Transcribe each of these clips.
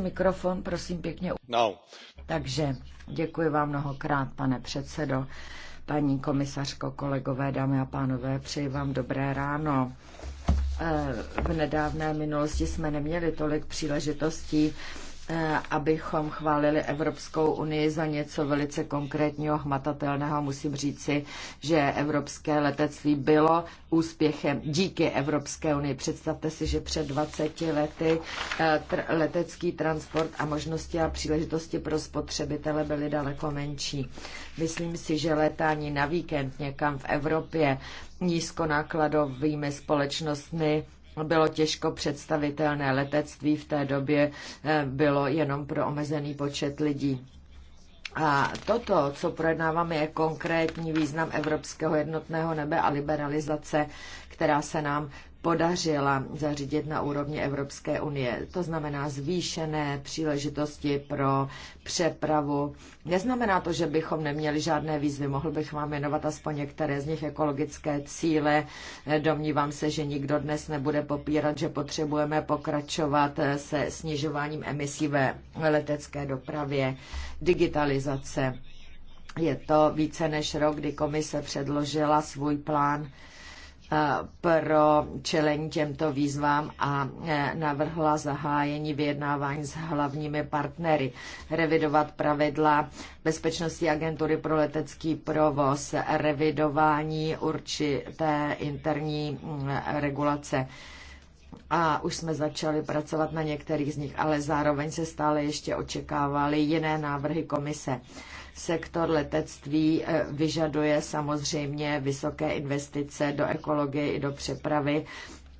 mikrofon, prosím No. Takže děkuji vám mnohokrát, pane předsedo, paní komisařko, kolegové, dámy a pánové, přeji vám dobré ráno. Eh, v nedávné minulosti jsme neměli tolik příležitostí Eh, abychom chválili Evropskou unii za něco velice konkrétního, hmatatelného. Musím říci, že evropské letectví bylo úspěchem díky Evropské unii. Představte si, že před 20 lety eh, letecký transport a možnosti a příležitosti pro spotřebitele byly daleko menší. Myslím si, že letání na víkend někam v Evropě nízkonákladovými společnostmi bylo těžko představitelné. Letectví v té době eh, bylo jenom pro omezený počet lidí. A toto, co projednáváme, je konkrétní význam evropského jednotného nebe a liberalizace, která se nám podařila zařídit na úrovni Evropské unie. To znamená zvýšené příležitosti pro přepravu. Neznamená to, že bychom neměli žádné výzvy. Mohl bych vám jmenovat aspoň některé z nich ekologické cíle. Domnívám se, že nikdo dnes nebude popírat, že potřebujeme pokračovat se snižováním emisí ve letecké dopravě, digitalizace. Je to více než rok, kdy komise předložila svůj plán pro čelení těmto výzvám a e, navrhla zahájení vyjednávání s hlavními partnery, revidovat pravidla bezpečnosti agentury pro letecký provoz, revidování určité interní mm, regulace a už jsme začali pracovat na některých z nich, ale zároveň se stále ještě očekávaly jiné návrhy komise. Sektor letectví eh, vyžaduje samozřejmě vysoké investice do ekologie i do přepravy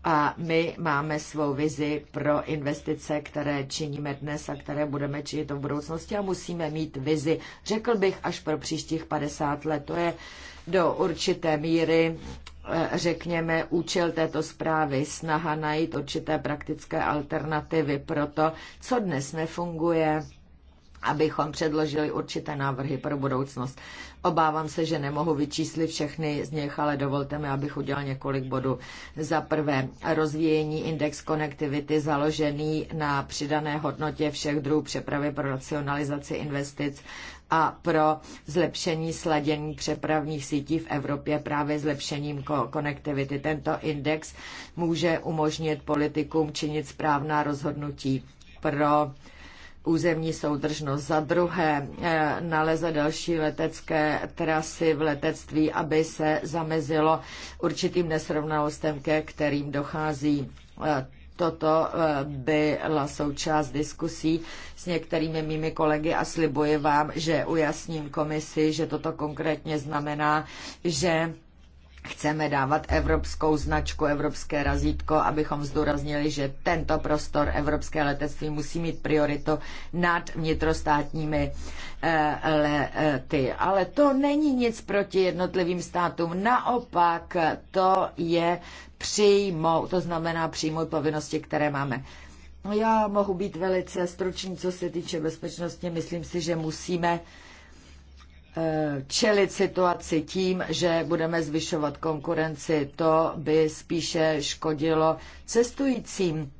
a my máme svou vizi pro investice, které činíme dnes a které budeme činit v budoucnosti a musíme mít vizi, řekl bych, až pro příštích 50 let. To je do určité míry eh, řekněme, účel této zprávy, snaha najít určité praktické alternativy pro to, co dnes nefunguje, abychom předložili určité návrhy pro budoucnost. Obávám se, že nemohu vyčíslit všechny z nich, ale dovolte mi, abych udělal několik bodů. Za prvé, rozvíjení index konektivity založený na přidané hodnotě všech druhů přepravy pro racionalizaci investic a pro zlepšení sladění přepravních sítí v Evropě právě zlepšením konektivity. Tento index může umožnit politikům činit správná rozhodnutí pro územní soudržnost. Za druhé eh, naleze další letecké trasy v letectví, aby se zamezilo určitým nesrovnalostem, ke kterým dochází. Eh, toto eh, byla součást diskusí s některými mými kolegy a slibuji vám, že ujasním komisi, že toto konkrétně znamená, že chceme dávat evropskou značku, evropské razítko, abychom zdůraznili, že tento prostor evropské letectví musí mít prioritu nad vnitrostátními eh, lety. Ale to není nic proti jednotlivým státům. Naopak to je přijmout, to znamená přijmout povinnosti, které máme. No já mohu být velice stručný, co se týče bezpečnosti. Myslím si, že musíme Eh, čelit situaci tím, že budeme zvyšovat konkurenci, to by spíše škodilo cestujícím.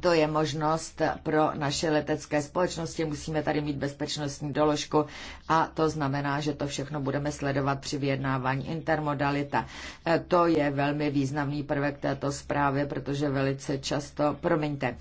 To je možnost pro naše letecké společnosti. Musíme tady mít bezpečnostní doložku a to znamená, že to všechno budeme sledovat při vyjednávání intermodalita. Eh, to je velmi významný prvek této zprávy, protože velice často, promiňte,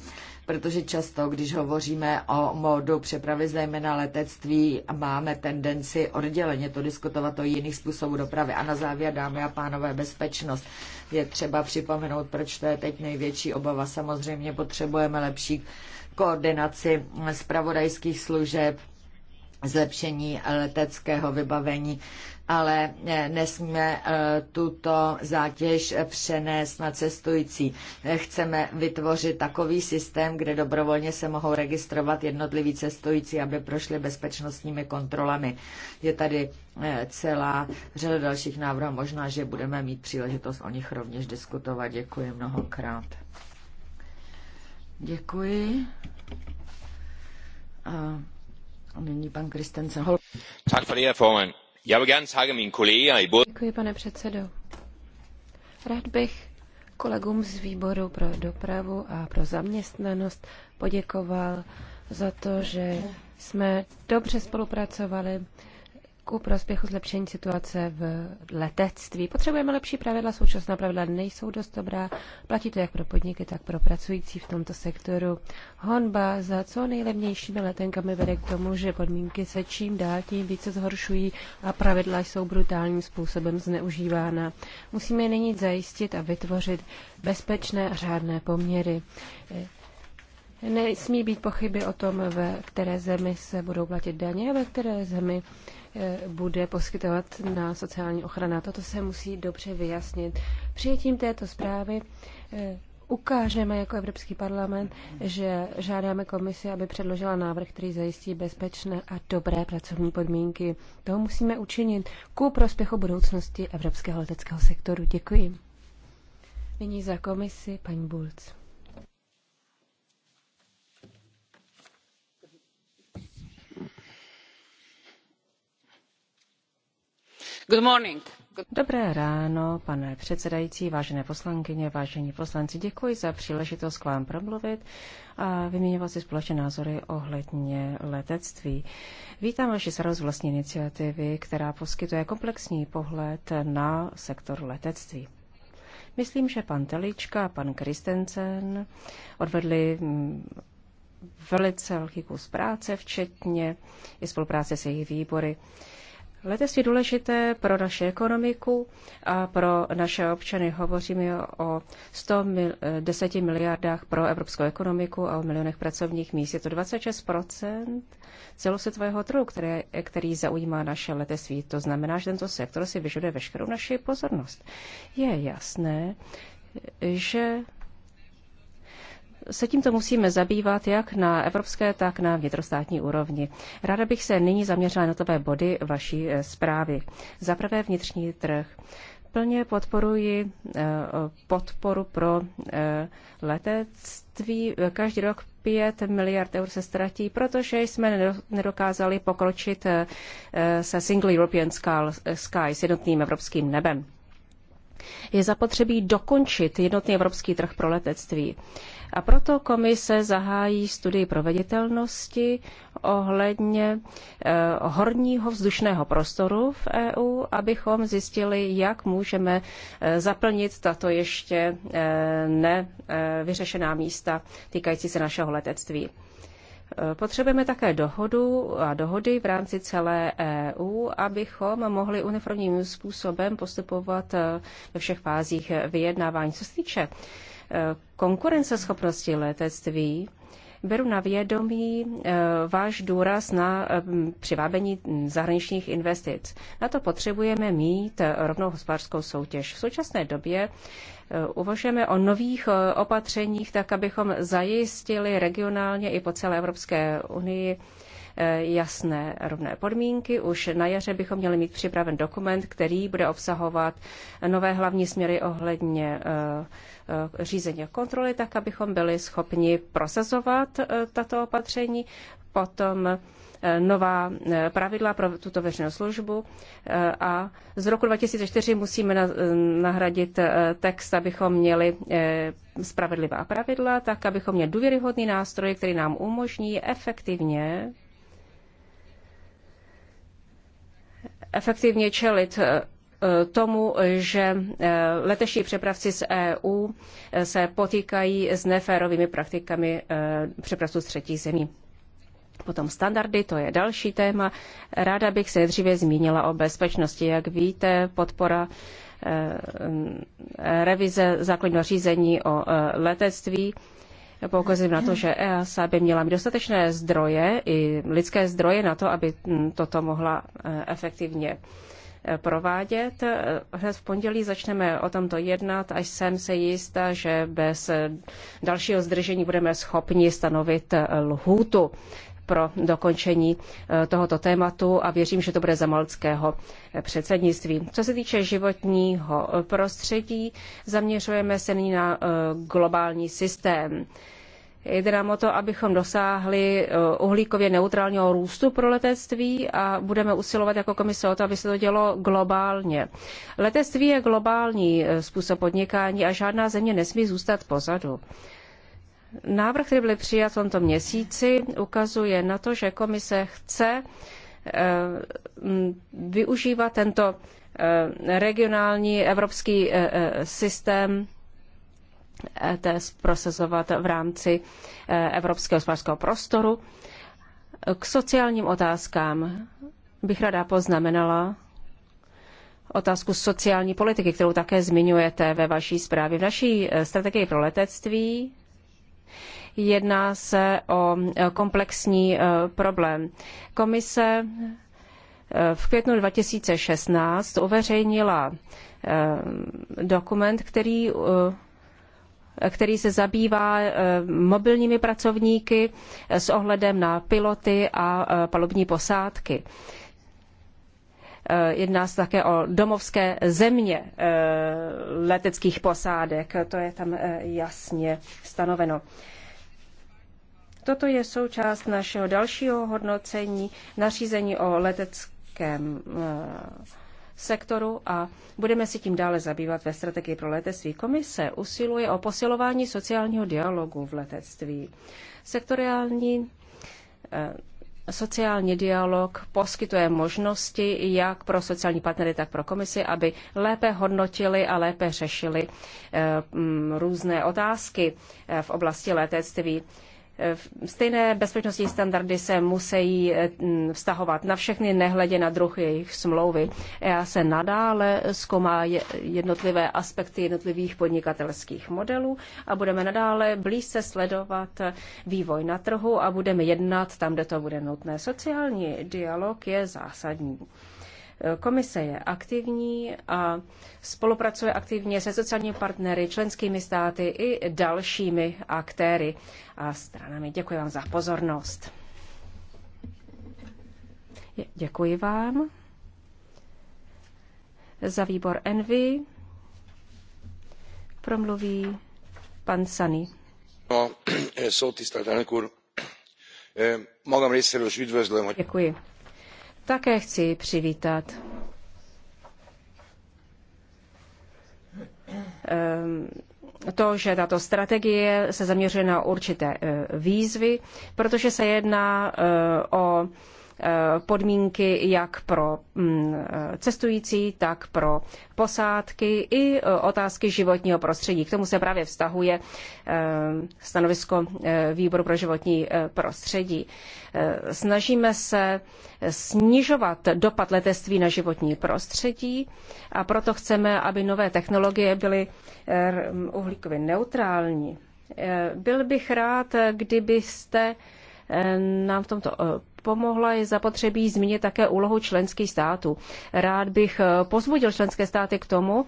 protože často, když hovoříme o modu přepravy, zejména letectví, máme tendenci odděleně to diskutovat o jiných způsobů dopravy. A na závěr, dámy a pánové, bezpečnost. Je třeba připomenout, proč to je teď největší obava. Samozřejmě potřebujeme lepší koordinaci zpravodajských služeb, zlepšení leteckého vybavení ale eh, nesmíme eh, tuto zátěž přenést na cestující. Eh, chceme vytvořit takový systém, kde dobrovolně se mohou registrovat jednotliví cestující, aby prošli bezpečnostními kontrolami. Je tady celá řada dalších návrhů. Možná, že budeme mít příležitost o nich rovněž diskutovat. Děkuji mnohokrát. Děkuji. A nyní pan Kristensen. Tak for det, Děkuji, pane předsedající Rád bych kolegům z výboru pro dopravu a pro zaměstnanost poděkoval za to, že jsme dobře spolupracovali ku prospěchu zlepšení situace v letectví. Potřebujeme lepší pravidla, současná pravidla nejsou dost dobrá. Platí to jak pro podniky, tak pro pracující v tomto sektoru. Honba za co nejlevnějšími letenkami vede k tomu, že podmínky se čím dál tím více zhoršují a pravidla jsou brutálním způsobem zneužívána. Musíme nyní zajistit a vytvořit bezpečné a řádné poměry. Nesmí být pochyby o tom, ve které zemi se budou platit daně a ve které zemi bude poskytovat na sociální ochrana. Toto se musí dobře vyjasnit. Přijetím této zprávy eh, ukážeme jako Evropský parlament, že žádáme komisi, aby předložila návrh, který zajistí bezpečné a dobré pracovní podmínky. Toho musíme učinit ku prospěchu budoucnosti evropského leteckého sektoru. Děkuji. Nyní za komisi paní Bulc. Dobré ráno, pane předsedající, vážené poslankyně, vážení poslanci. Děkuji za příležitost k vám promluvit a vyměňovat si společné názory ohledně letectví. Vítám vaši starost vlastní iniciativy, která poskytuje komplexní pohled na sektor letectví. Myslím, že pan Telička a pan Kristensen odvedli mm, velice velký kus práce, včetně i spolupráce s jejich výbory je důležité pro naši ekonomiku a pro naše občany. Hovoříme o 110 mil, miliardách pro evropskou ekonomiku a o milionech pracovních míst. Je to 26 celosvětového trhu, které, který zaujímá naše letectví. To znamená, že tento sektor si vyžaduje veškerou naši pozornost. Je jasné, že se tímto musíme zabývat jak na evropské, tak na vnitrostátní úrovni. Ráda bych se nyní zaměřila na tové body vaší eh, zprávy. Za prvé vnitřní trh. Plně podporuji eh, podporu pro eh, letectví. Každý rok 5 miliard eur se ztratí, protože jsme nedokázali pokročit se Single European Sky s jednotným evropským nebem. Je zapotřebí dokončit jednotný evropský trh pro letectví. A proto komise zahájí studii proveditelnosti ohledně eh, horního vzdušného prostoru v EU, abychom zjistili, jak můžeme eh, zaplnit tato ještě eh, nevyřešená místa týkající se našeho letectví. Potřebujeme také dohodu a dohody v rámci celé EU, abychom mohli uniformním způsobem postupovat ve všech fázích vyjednávání. Co se týče konkurenceschopnosti letectví, beru na vědomí eh, váš důraz na eh, přivábení zahraničních investic. Na to potřebujeme mít eh, rovnou hospodářskou soutěž. V současné době uvažujeme o nových opatřeních, tak abychom zajistili regionálně i po celé Evropské unii Eh, jasné rovné podmínky. Už na jaře bychom měli mít připraven dokument, který bude obsahovat nové hlavní směry ohledně eh, eh, řízení a kontroly, tak abychom byli schopni prosazovat tato opatření. Potom nová pravidla pro tuto veřejnou službu a z roku 2004 musíme nahradit text, abychom měli spravedlivá pravidla, tak abychom měli důvěryhodný nástroj, který nám umožní efektivně efektivně čelit eh, tomu, že eh, leteční přepravci z EU eh, se potýkají s neférovými praktikami přepravců z třetích zemí. Potom standardy, to je další téma. Ráda bych se dříve zmínila o bezpečnosti. Jak víte, podpora revize základního řízení o letectví Poukazím na to, že EASA by měla mít dostatečné zdroje i lidské zdroje na to, aby mm, toto mohla e, efektivně e, provádět. Hned v pondělí začneme o tomto jednat, až jsem se jistá, že bez e, dalšího zdržení budeme schopni stanovit lhůtu pro dokončení tohoto tématu a věřím, že to bude za malckého předsednictví. Co se týče životního prostředí, zaměřujeme se nyní na globální systém. Jde nám o to, abychom dosáhli eh, uhlíkově neutrálního růstu pro letectví a budeme usilovat jako komise o to, aby se to dělo globálně. Letectví je globální eh, způsob podnikání a žádná země nesmí zůstat pozadu. Návrh, který byl přijat v tomto měsíci, ukazuje na to, že komise chce eh, využívat tento regionální evropský systém ETS eh, prosazovat v rámci eh, Evropského hospodářského prostoru. K sociálním otázkám bych ráda poznamenala otázku sociální politiky, kterou také zmiňujete ve vaší zprávě. V naší eh, strategii pro letectví jedná se o komplexní problém. Komise v květnu 2016 uveřejnila dokument, který který se zabývá eh, mobilními pracovníky s ohledem na piloty a eh, palubní posádky. Eh, jedná se také o domovské země leteckých posádek, to je tam jasně stanoveno. Toto je součást našeho dalšího hodnocení nařízení o leteckém sektoru a budeme si tím dále zabývat ve strategii pro letectví. Komise usiluje o posilování sociálního dialogu v letectví. Sektoriální eh, Sociální dialog poskytuje možnosti jak pro sociální partnery, tak pro komisi, aby lépe hodnotili a lépe řešili eh, různé otázky eh, v oblasti letectví. Stejné bezpečnostní standardy se musí eh, vztahovat na všechny, nehledě na druh jejich smlouvy. Já se nadále zkoumá jednotlivé aspekty jednotlivých podnikatelských modelů a budeme nadále blízce sledovat eh, vývoj na trhu a budeme jednat tam, kde to bude nutné. Sociální dialog je zásadní. Komise je aktivní a spolupracuje aktivně se sociálními partnery, členskými státy i dalšími aktéry a stranami. Děkuji vám za pozornost. Děkuji vám za výbor Envy. Promluví pan Sani. Děkuji. Také chci přivítat ehm, to, že tato strategie se zaměřuje na určité eh, výzvy, protože se jedná eh, o Eh, podmínky jak pro mm, eh, cestující, tak pro posádky i eh, otázky životního prostředí. K tomu se právě vztahuje stanovisko Výboru pro životní prostředí. Snažíme se snižovat dopad letectví na životní prostředí a proto chceme, aby nové technologie byly uhlíkově neutrální. Byl bych rád, kdybyste Eh, nám v tomto eh, pomohla, je zapotřebí zmínit také úlohu členských států. Rád bych eh, pozbudil členské státy k tomu,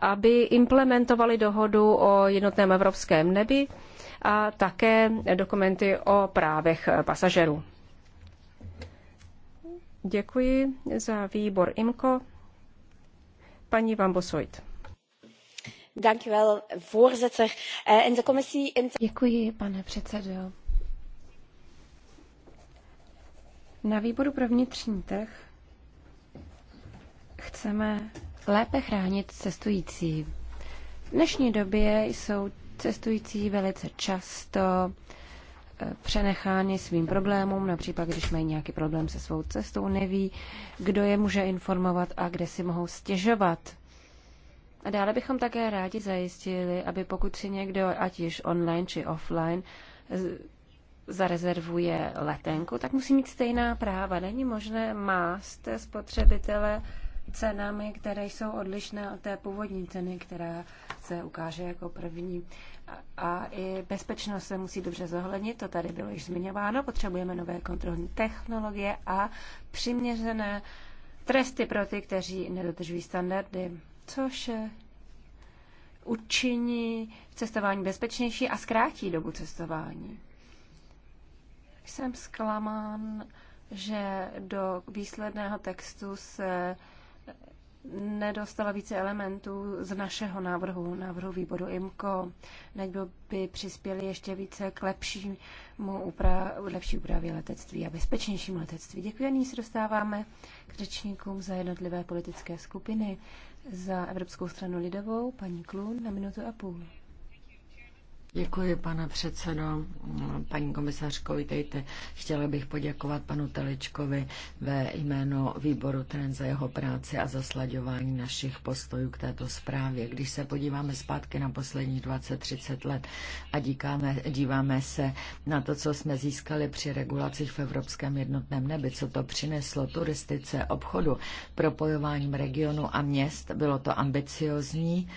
aby implementovali dohodu o jednotném evropském nebi a také dokumenty o právech pasažerů. Děkuji za výbor IMCO. Paní Vambosoit. Děkuji, pane předsedo. Na výboru pro vnitřní trh chceme lépe chránit cestující. V dnešní době jsou cestující velice často eh, přenechány svým problémům, například když mají nějaký problém se svou cestou, neví, kdo je může informovat a kde si mohou stěžovat. A dále bychom také rádi zajistili, aby pokud si někdo, ať již online či offline, zarezervuje letenku, tak musí mít stejná práva. Není možné mást spotřebitele cenami, které jsou odlišné od té původní ceny, která se ukáže jako první. A i bezpečnost se musí dobře zohlednit, to tady bylo již zmiňováno, potřebujeme nové kontrolní technologie a přiměřené tresty pro ty, kteří nedodržují standardy, což učiní cestování bezpečnější a zkrátí dobu cestování. Jsem zklamán, že do výsledného textu se nedostala více elementů z našeho návrhu, návrhu výboru IMCO, nebo by přispěli ještě více k lepšímu upra- lepší úpravě letectví a bezpečnějšímu letectví. Děkuji, nyní se dostáváme k řečníkům za jednotlivé politické skupiny, za Evropskou stranu lidovou, paní Klun na minutu a půl. Děkuji, pane předsedo. Paní komisařko, vítejte. Chtěla bych poděkovat panu Teličkovi ve jménu výboru TREN za jeho práci a za slaďování našich postojů k této zprávě. Když se podíváme zpátky na posledních 20-30 let a díkáme, díváme se na to, co jsme získali při regulacích v Evropském jednotném nebi, co to přineslo turistice, obchodu, propojováním regionu a měst, bylo to ambiciozní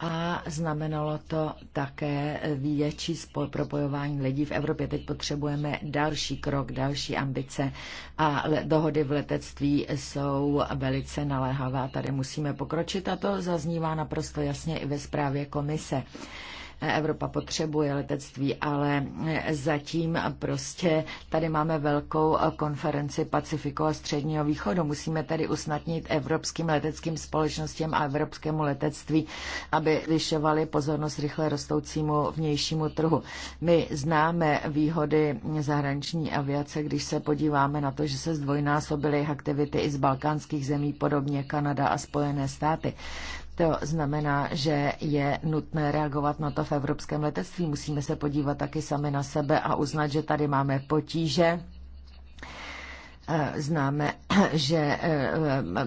a znamenalo to také větší propojování lidí v Evropě. Teď potřebujeme další krok, další ambice a dohody v letectví jsou velice naléhavá. Tady musíme pokročit a to zaznívá naprosto jasně i ve zprávě komise. Evropa potřebuje letectví, ale zatím prostě tady máme velkou konferenci Pacifiku a Středního východu. Musíme tady usnadnit evropským leteckým společnostem a evropskému letectví, aby vyšovali pozornost rychle rostoucímu vnějšímu trhu. My známe výhody zahraniční aviace, když se podíváme na to, že se zdvojnásobily aktivity i z balkánských zemí, podobně Kanada a Spojené státy. To znamená, že je nutné reagovat na to v evropském letectví. Musíme se podívat taky sami na sebe a uznat, že tady máme potíže Eh, známe, že eh,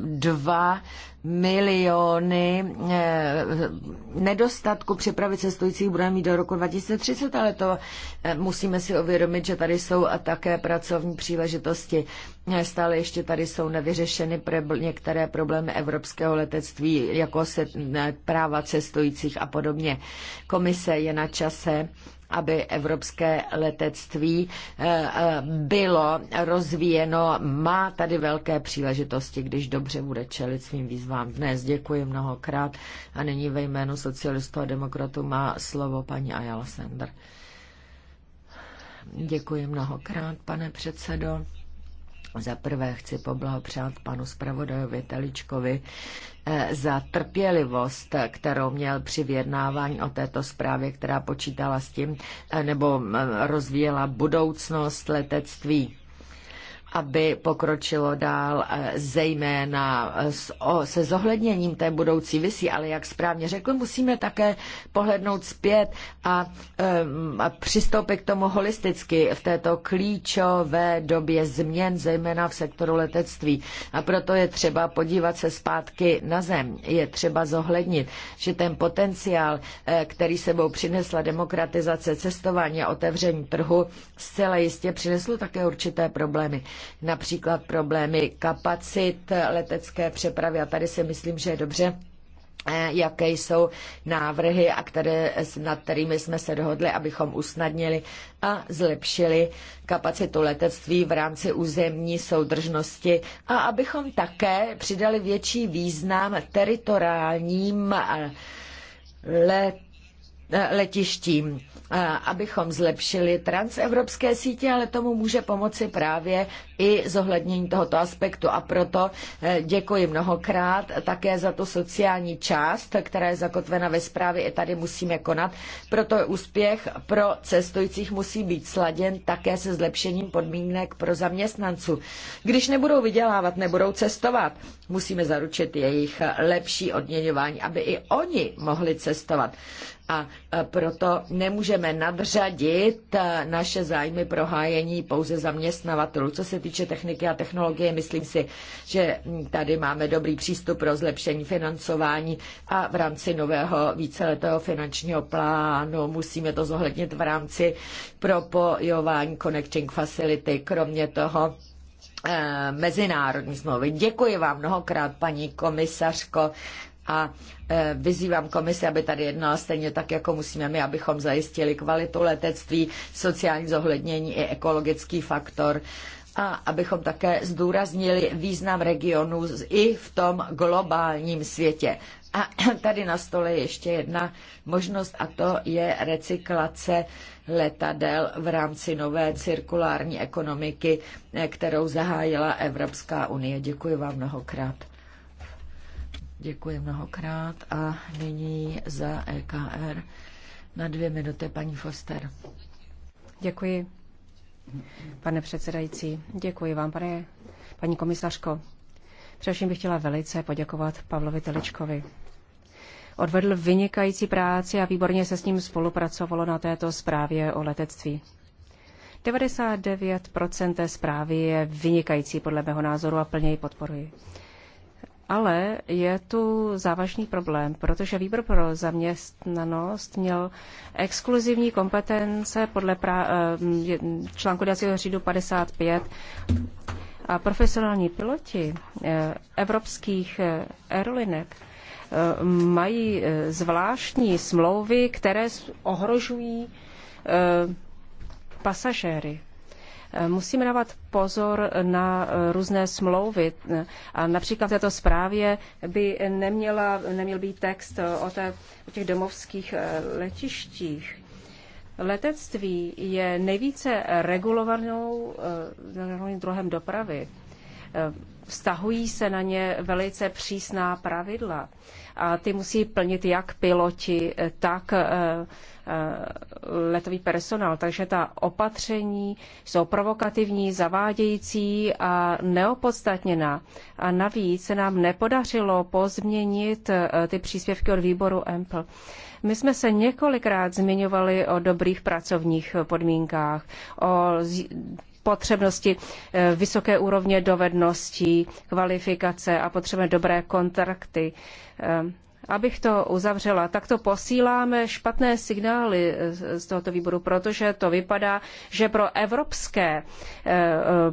dva miliony eh, nedostatku přepravy cestujících budeme mít do roku 2030, ale to musíme si uvědomit, že tady jsou také pracovní příležitosti. Stále ještě tady jsou nevyřešeny některé problémy evropského letectví, jako se práva cestujících a podobně. Komise je na čase, aby evropské letectví eh, eh, bylo rozvíjeno. Má tady velké příležitosti, když dobře bude čelit svým výzvám. Dnes děkuji mnohokrát a nyní ve jménu socialistů a demokratů má slovo paní Ayala Sender. Děkuji mnohokrát, pane předsedo. Za prvé chci poblahopřát panu zpravodajovi Teličkovi eh, za trpělivost, kterou měl při vyjednávání o této zprávě, která počítala s tím, eh, nebo eh, rozvíjela budoucnost letectví aby pokročilo dál, eh, zejména se zohledněním té budoucí visí, ale jak správně řekl, musíme také pohlednout zpět a, eh, a přistoupit k tomu holisticky v této klíčové době změn, zejména v sektoru letectví. A proto je třeba podívat se zpátky na zem. Je třeba zohlednit, že ten potenciál, eh, který sebou přinesla demokratizace cestování a otevření trhu, zcela jistě přinesl také určité problémy například problémy kapacit letecké přepravy. A tady si myslím, že je dobře eh, jaké jsou návrhy, a které, nad kterými jsme se dohodli, abychom usnadnili a zlepšili kapacitu letectví v rámci územní soudržnosti a abychom také přidali větší význam teritoriálním eh, let letištím, abychom zlepšili transevropské sítě, ale tomu může pomoci právě i zohlednění tohoto aspektu. A proto e, děkuji mnohokrát také za tu sociální část, která je zakotvena ve zprávě. I tady musíme konat. Proto úspěch pro cestujících musí být sladěn také se zlepšením podmínek pro zaměstnanců. Když nebudou vydělávat, nebudou cestovat, musíme zaručit jejich lepší odměňování, aby i oni mohli cestovat. A e, proto nemůžeme nadřadit e, naše zájmy pro hájení pouze zaměstnavatelů. Co se týče techniky a technologie, myslím si, že tady máme dobrý přístup pro zlepšení financování a v rámci nového víceletého finančního plánu musíme to zohlednit v rámci propojování Connecting Facility. Kromě toho e, mezinárodní smlouvy. Děkuji vám mnohokrát, paní komisařko, a e, vyzývám komisi, aby tady jednala stejně tak, jako musíme my, abychom zajistili kvalitu letectví, sociální zohlednění i ekologický faktor a abychom také zdůraznili význam regionů i v tom globálním světě. A tady na stole je ještě jedna možnost a to je recyklace letadel v rámci nové cirkulární ekonomiky, e, kterou zahájila Evropská unie. Děkuji vám mnohokrát. Děkuji mnohokrát a nyní za EKR na dvě minuty paní Foster. Děkuji, pane předsedající. Děkuji vám, pane, paní komisařko. Především bych chtěla velice poděkovat Pavlovi Teličkovi. Odvedl vynikající práci a výborně se s ním spolupracovalo na této zprávě o letectví. 99% té zprávy je vynikající podle mého názoru a plně ji podporuji. Ale je tu závažný problém, protože výbor pro zaměstnanost měl exkluzivní kompetence podle pra, eh, článku dacího řídu 55 a profesionální piloti eh, evropských eh, aerolinek mají zvláštní smlouvy, které ohrožují pasažéry. Musíme dávat pozor na různé smlouvy. A například v této zprávě by neměla, neměl být text o, té, o těch domovských eh, letištích. Letectví je nejvíce regulovanou eh, druhem dopravy. Eh, vztahují se na ně velice přísná pravidla a ty musí plnit jak piloti, tak Eh, letový personál. Takže ta opatření jsou provokativní, zavádějící a neopodstatněná. A navíc se nám nepodařilo pozměnit eh, ty příspěvky od výboru EMPL. My jsme se několikrát zmiňovali o dobrých pracovních podmínkách, o potřebnosti eh, vysoké úrovně dovedností, kvalifikace a potřebujeme dobré kontrakty. Abych to uzavřela, tak to posíláme špatné signály z tohoto výboru, protože to vypadá, že pro evropské eh,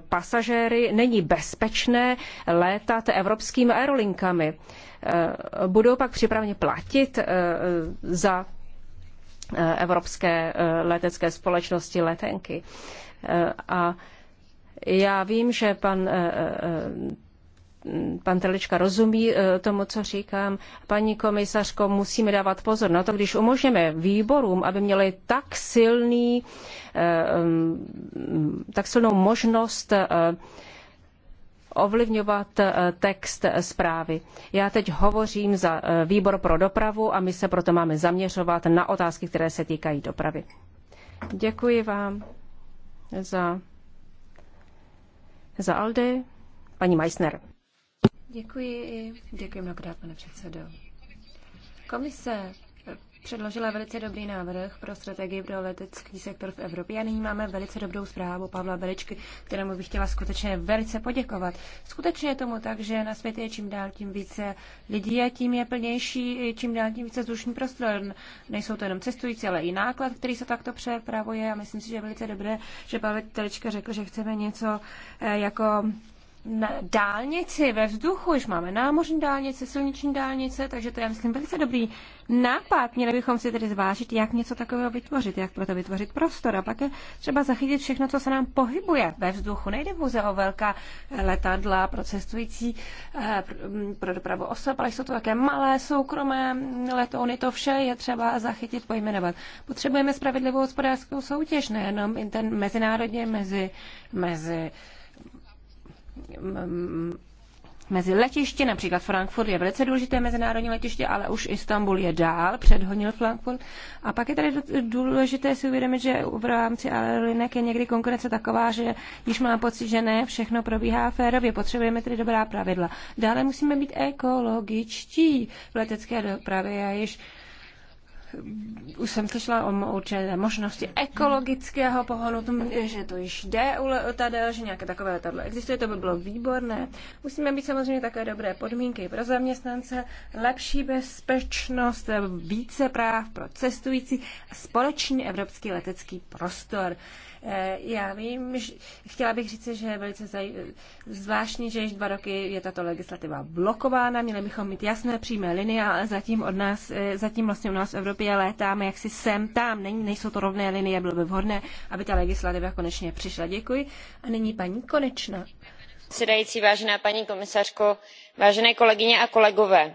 pasažéry není bezpečné létat evropskými aerolinkami. Eh, budou pak připraveni platit eh, za evropské letecké společnosti letenky. A já vím, že pan pan Telička rozumí eh, tomu, co říkám. Paní komisařko, musíme dávat pozor na to, když umožněme výborům, aby měli tak silný, eh, mm, tak silnou možnost eh, ovlivňovat text zprávy. Já teď hovořím za výbor pro dopravu a my se proto máme zaměřovat na otázky, které se týkají dopravy. Děkuji vám za, za Alde, paní Meissner. Děkuji, děkuji mnohokrát, pane předsedo. Komise předložila velice dobrý návrh pro strategii pro letecký sektor v Evropě a nyní máme velice dobrou zprávu Pavla Beličky, kterému bych chtěla skutečně velice poděkovat. Skutečně je tomu tak, že na světě je čím dál tím více lidí a tím je plnější, čím dál tím více vzdušný prostor. Nejsou to jenom cestující, ale i náklad, který se takto přepravuje a myslím si, že je velice dobré, že Pavel Belička řekl, že chceme něco eh, jako na dálnici ve vzduchu, už máme námořní dálnice, silniční dálnice, takže to je, myslím, velice dobrý nápad. Měli bychom si tedy zvážit, jak něco takového vytvořit, jak pro to vytvořit prostor. A pak je třeba zachytit všechno, co se nám pohybuje ve vzduchu. Nejde pouze o velká letadla pro cestující, eh, mm, pro dopravu osob, ale jsou to také malé soukromé letouny. To vše je třeba zachytit, pojmenovat. Potřebujeme spravedlivou hospodářskou soutěž, nejenom ten mezinárodně mezi, mezi Mm, mezi letiště, například Frankfurt je velice důležité mezinárodní letiště, ale už Istanbul je dál, předhonil Frankfurt. A pak je tady důležité si uvědomit, že v rámci aerolinek je někdy konkurence taková, že již má pocit, že ne, všechno probíhá férově, potřebujeme tedy dobrá pravidla. Dále musíme být ekologičtí v letecké dopravě. Já již už jsem slyšela o určité možnosti ekologického pohonu, tom, že to již jde u letadel, že nějaké takové letadlo existuje, to by bylo výborné. Musíme být samozřejmě také dobré podmínky pro zaměstnance, lepší bezpečnost, více práv pro cestující a společný evropský letecký prostor. Eh, já vím, chtěla bych říct, že je velice zvláštní, že již dva roky je tato legislativa blokována, měli bychom mít jasné přímé linie, ale zatím od nás, eh, zatím vlastně u nás v Evropě létáme si sem tam, Není, nejsou to rovné linie, bylo by vhodné, aby ta legislativa konečně přišla. Děkuji. A nyní paní Konečná. Předající, vážená paní komisařko, vážené kolegyně a kolegové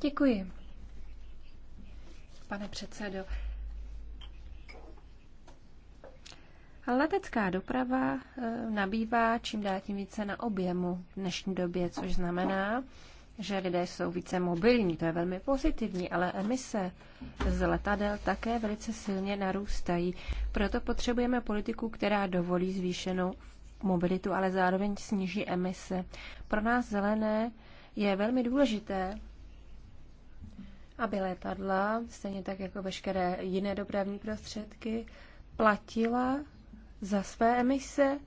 Děkuji. Pane předsedající letecká doprava eh, nabývá čím dál tím více na objemu v dnešní době, což znamená, že lidé jsou více mobilní, to je velmi pozitivní, ale emise z letadel také velice silně narůstají. Proto potřebujeme politiku, která dovolí zvýšenou mobilitu, ale zároveň sníží emise. Pro nás zelené je velmi důležité, aby letadla, stejně tak jako veškeré jiné dopravní prostředky, platila za své emise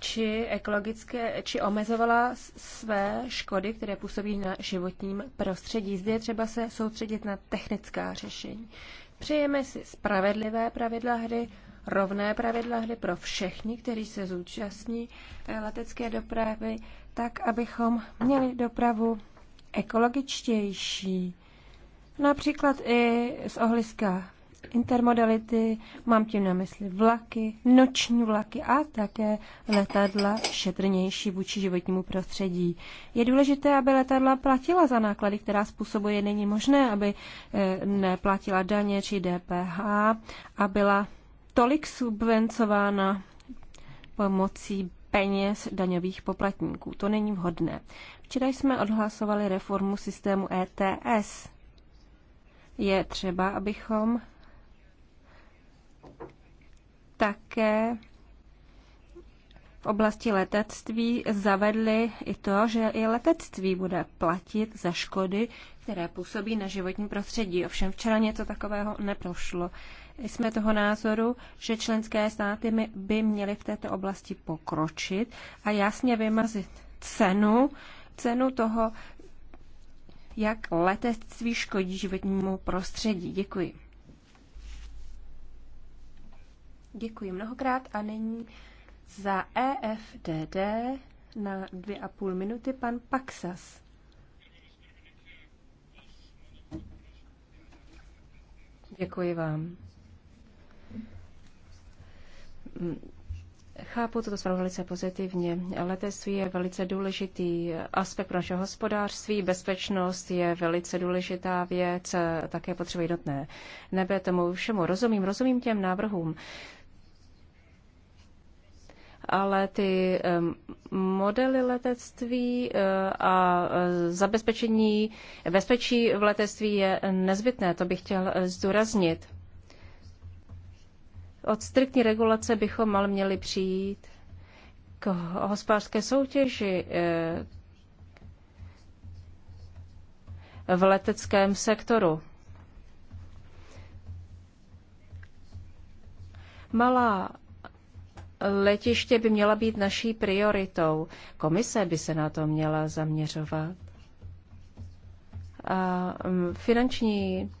či ekologické, či omezovala své škody, které působí na životním prostředí. Zde je třeba se soustředit na technická řešení. Přejeme si spravedlivé pravidla hry, rovné pravidla hry pro všechny, kteří se zúčastní eh, letecké dopravy, tak abychom měli dopravu ekologičtější. Například i z ohliska intermodality, mám tím na mysli vlaky, noční vlaky a také letadla šetrnější vůči životnímu prostředí. Je důležité, aby letadla platila za náklady, která způsobuje. Není možné, aby eh, neplatila daně či DPH a byla tolik subvencována pomocí peněz daňových poplatníků. To není vhodné. Včera jsme odhlasovali reformu systému ETS. Je třeba, abychom také v oblasti letectví zavedli i to, že i letectví bude platit za škody, které působí na životní prostředí. Ovšem včera něco takového neprošlo. Jsme toho názoru, že členské státy by měly v této oblasti pokročit a jasně vymazit cenu, cenu toho, jak letectví škodí životnímu prostředí. Děkuji. Děkuji mnohokrát a nyní za EFDD na dvě a půl minuty pan Paxas. Děkuji vám. Chápu toto zprávu velice pozitivně. Letectví je velice důležitý aspekt pro našeho hospodářství, bezpečnost je velice důležitá věc, také potřeba jednotné nebe, tomu všemu rozumím, rozumím těm návrhům. Ale ty modely letectví eh, a eh, zabezpečení bezpečí v letectví je nezbytné, to bych chtěl eh, zdůraznit. Od striktní regulace bychom ale měli přijít k hospodářské soutěži eh, v leteckém sektoru. Malá letiště by měla být naší prioritou. Komise by se na to měla zaměřovat. A mm, finanční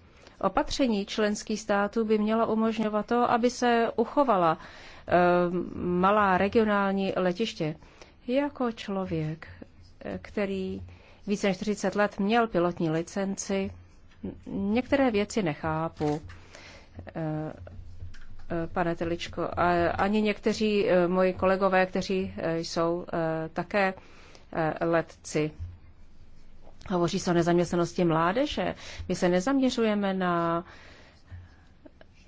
opatření členských států by mělo umožňovat to, aby se uchovala eh, malá regionální letiště. Jako člověk, eh, který více než 40 let měl pilotní licenci, některé věci nechápu, eh, pane Teličko, ani někteří moji kolegové, kteří jsou také letci. Hovoří se o nezaměstnanosti mládeže. My se nezaměřujeme na,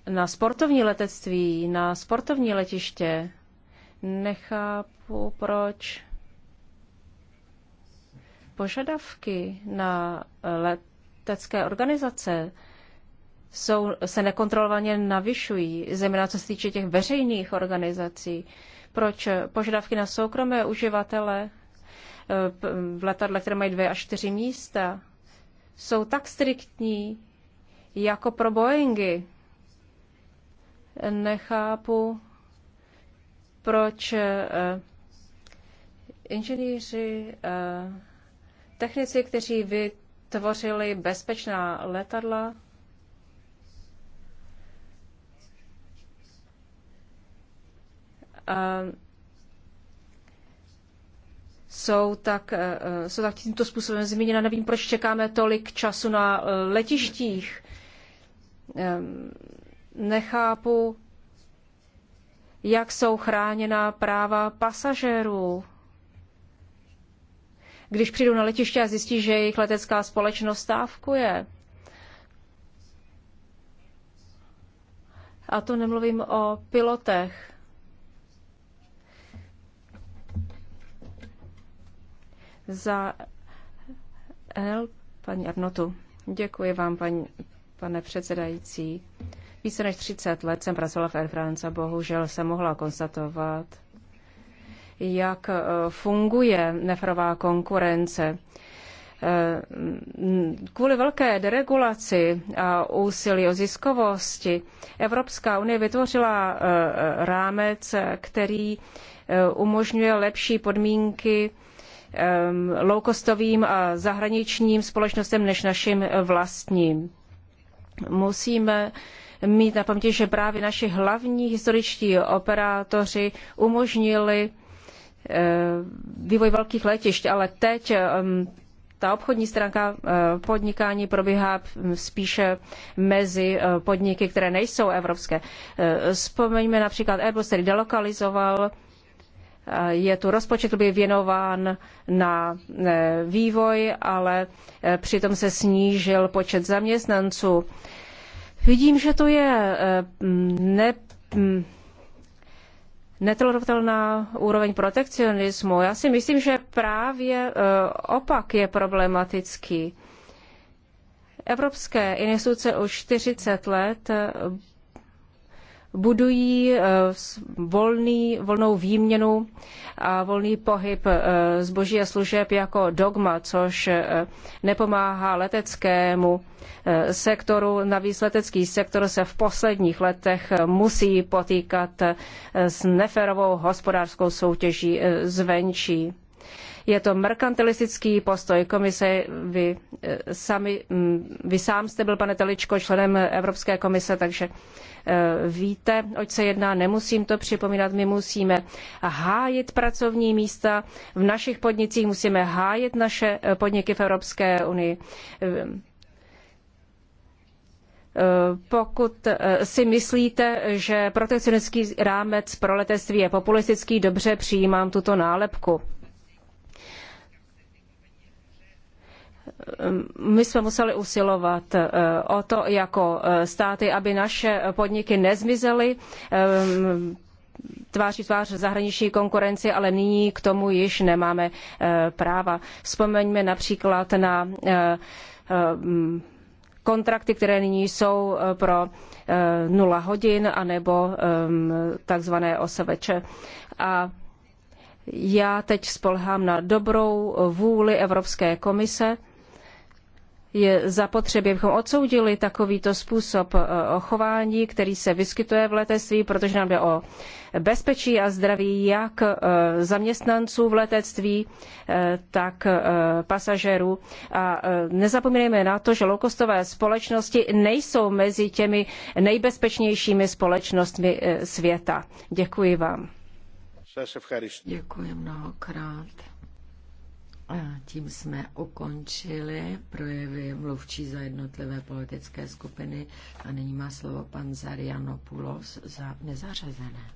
na sportovní letectví, na sportovní letiště. Nechápu, proč požadavky na letecké organizace jsou, se nekontrolovaně navyšují, zejména co se týče těch veřejných organizací. Proč požadavky na soukromé uživatele Eh, v letadle, které mají dvě až čtyři místa, jsou tak striktní jako pro Boeingy. Nechápu, proč eh, inženýři, eh, technici, kteří vytvořili bezpečná letadla, jsou tak, eh, eh, jsou tak tímto způsobem zmíněna. Nevím, proč čekáme tolik času na eh, letištích. Ehm, nechápu, jak jsou chráněna práva pasažérů. Když přijdu na letiště a zjistí, že jejich letecká společnost stávkuje. A to nemluvím o pilotech Za L, paní Arnotu. Děkuji vám, paní, pane předsedající. Více než 30 let jsem pracovala v Air France a bohužel jsem mohla konstatovat, jak eh, funguje nefrová konkurence. Eh, kvůli velké deregulaci a úsilí o ziskovosti Evropská unie vytvořila eh, rámec, který umožňuje lepší podmínky Ehm, low-costovým a zahraničním společnostem než našim vlastním. Musíme mít na paměti, že právě naši hlavní historičtí operátoři umožnili ehm, vývoj velkých letišť, ale teď ehm, ta obchodní stránka podnikání probíhá spíše mezi podniky, které nejsou evropské. Vzpomeňme například Airbus, který delokalizoval je tu rozpočet, který byl věnován na e, vývoj, ale e, přitom se snížil počet zaměstnanců. Vidím, že to je e, ne, netolerovatelná úroveň protekcionismu. Já si myslím, že právě opak je problematický. Evropské instituce už 40 let budují eh, volný, volnou výměnu a volný pohyb eh, zboží a služeb jako dogma, což eh, nepomáhá leteckému sektoru. Navíc letecký sektor se v posledních letech musí potýkat s neferovou hospodářskou soutěží zvenčí. Je to merkantilistický postoj komise. Vy, sami, mm, vy sám jste byl, pane Teličko, členem Evropské komise, takže Eh, víte, oč se jedná, nemusím to připomínat, my musíme hájit pracovní místa v našich podnicích, musíme hájit naše eh, podniky v Evropské unii eh, pokud si myslíte, že protekcionistický rámec pro letectví je populistický, dobře přijímám tuto nálepku. my jsme museli usilovat eh, o to jako eh, státy, aby naše podniky nezmizely eh, tváří tvář zahraniční konkurenci, ale nyní k tomu již nemáme práva. Vzpomeňme například na kontrakty, které nyní jsou pro nula hodin anebo takzvané oseveče. A já teď spolhám na dobrou vůli Evropské komise, je zapotřebí, abychom odsoudili takovýto způsob eh, chování, který se vyskytuje v letectví, protože nám jde o bezpečí a zdraví jak eh, zaměstnanců v letectví, eh, tak pasažerů. A nezapomínejme na to, že loukostové společnosti nejsou mezi těmi nejbezpečnějšími společnostmi světa. Děkuji vám. Děkuji mnohokrát. A tím jsme ukončili projevy mluvčí za jednotlivé politické skupiny a nyní má slovo pan Zarianopoulos za nezařazené.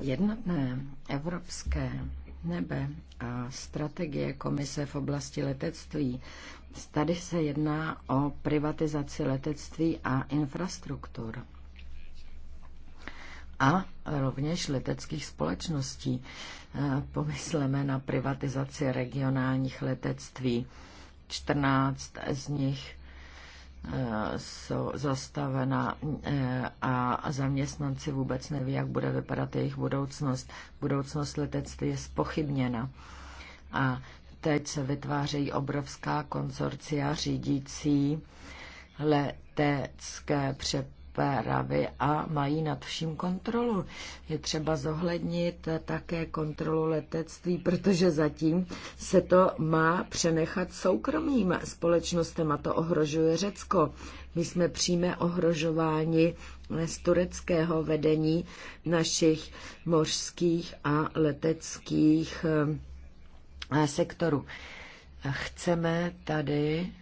Jednotné evropské nebe a strategie komise v oblasti letectví. Tady se jedná o privatizaci letectví a infrastruktur a rovněž leteckých společností. Pomysleme na privatizaci regionálních letectví. 14 z nich Eh, jsou zastavena eh, a zaměstnanci vůbec neví, jak bude vypadat jejich budoucnost. Budoucnost letectví je spochybněna. A teď se vytvářejí obrovská konzorcia řídící letecké přepravy úpravy a mají nad vším kontrolu. Je třeba zohlednit také kontrolu letectví, protože zatím se to má přenechat soukromým společnostem a to ohrožuje Řecko. My jsme přímé ohrožováni z tureckého vedení našich mořských a leteckých eh, sektorů. Chceme tady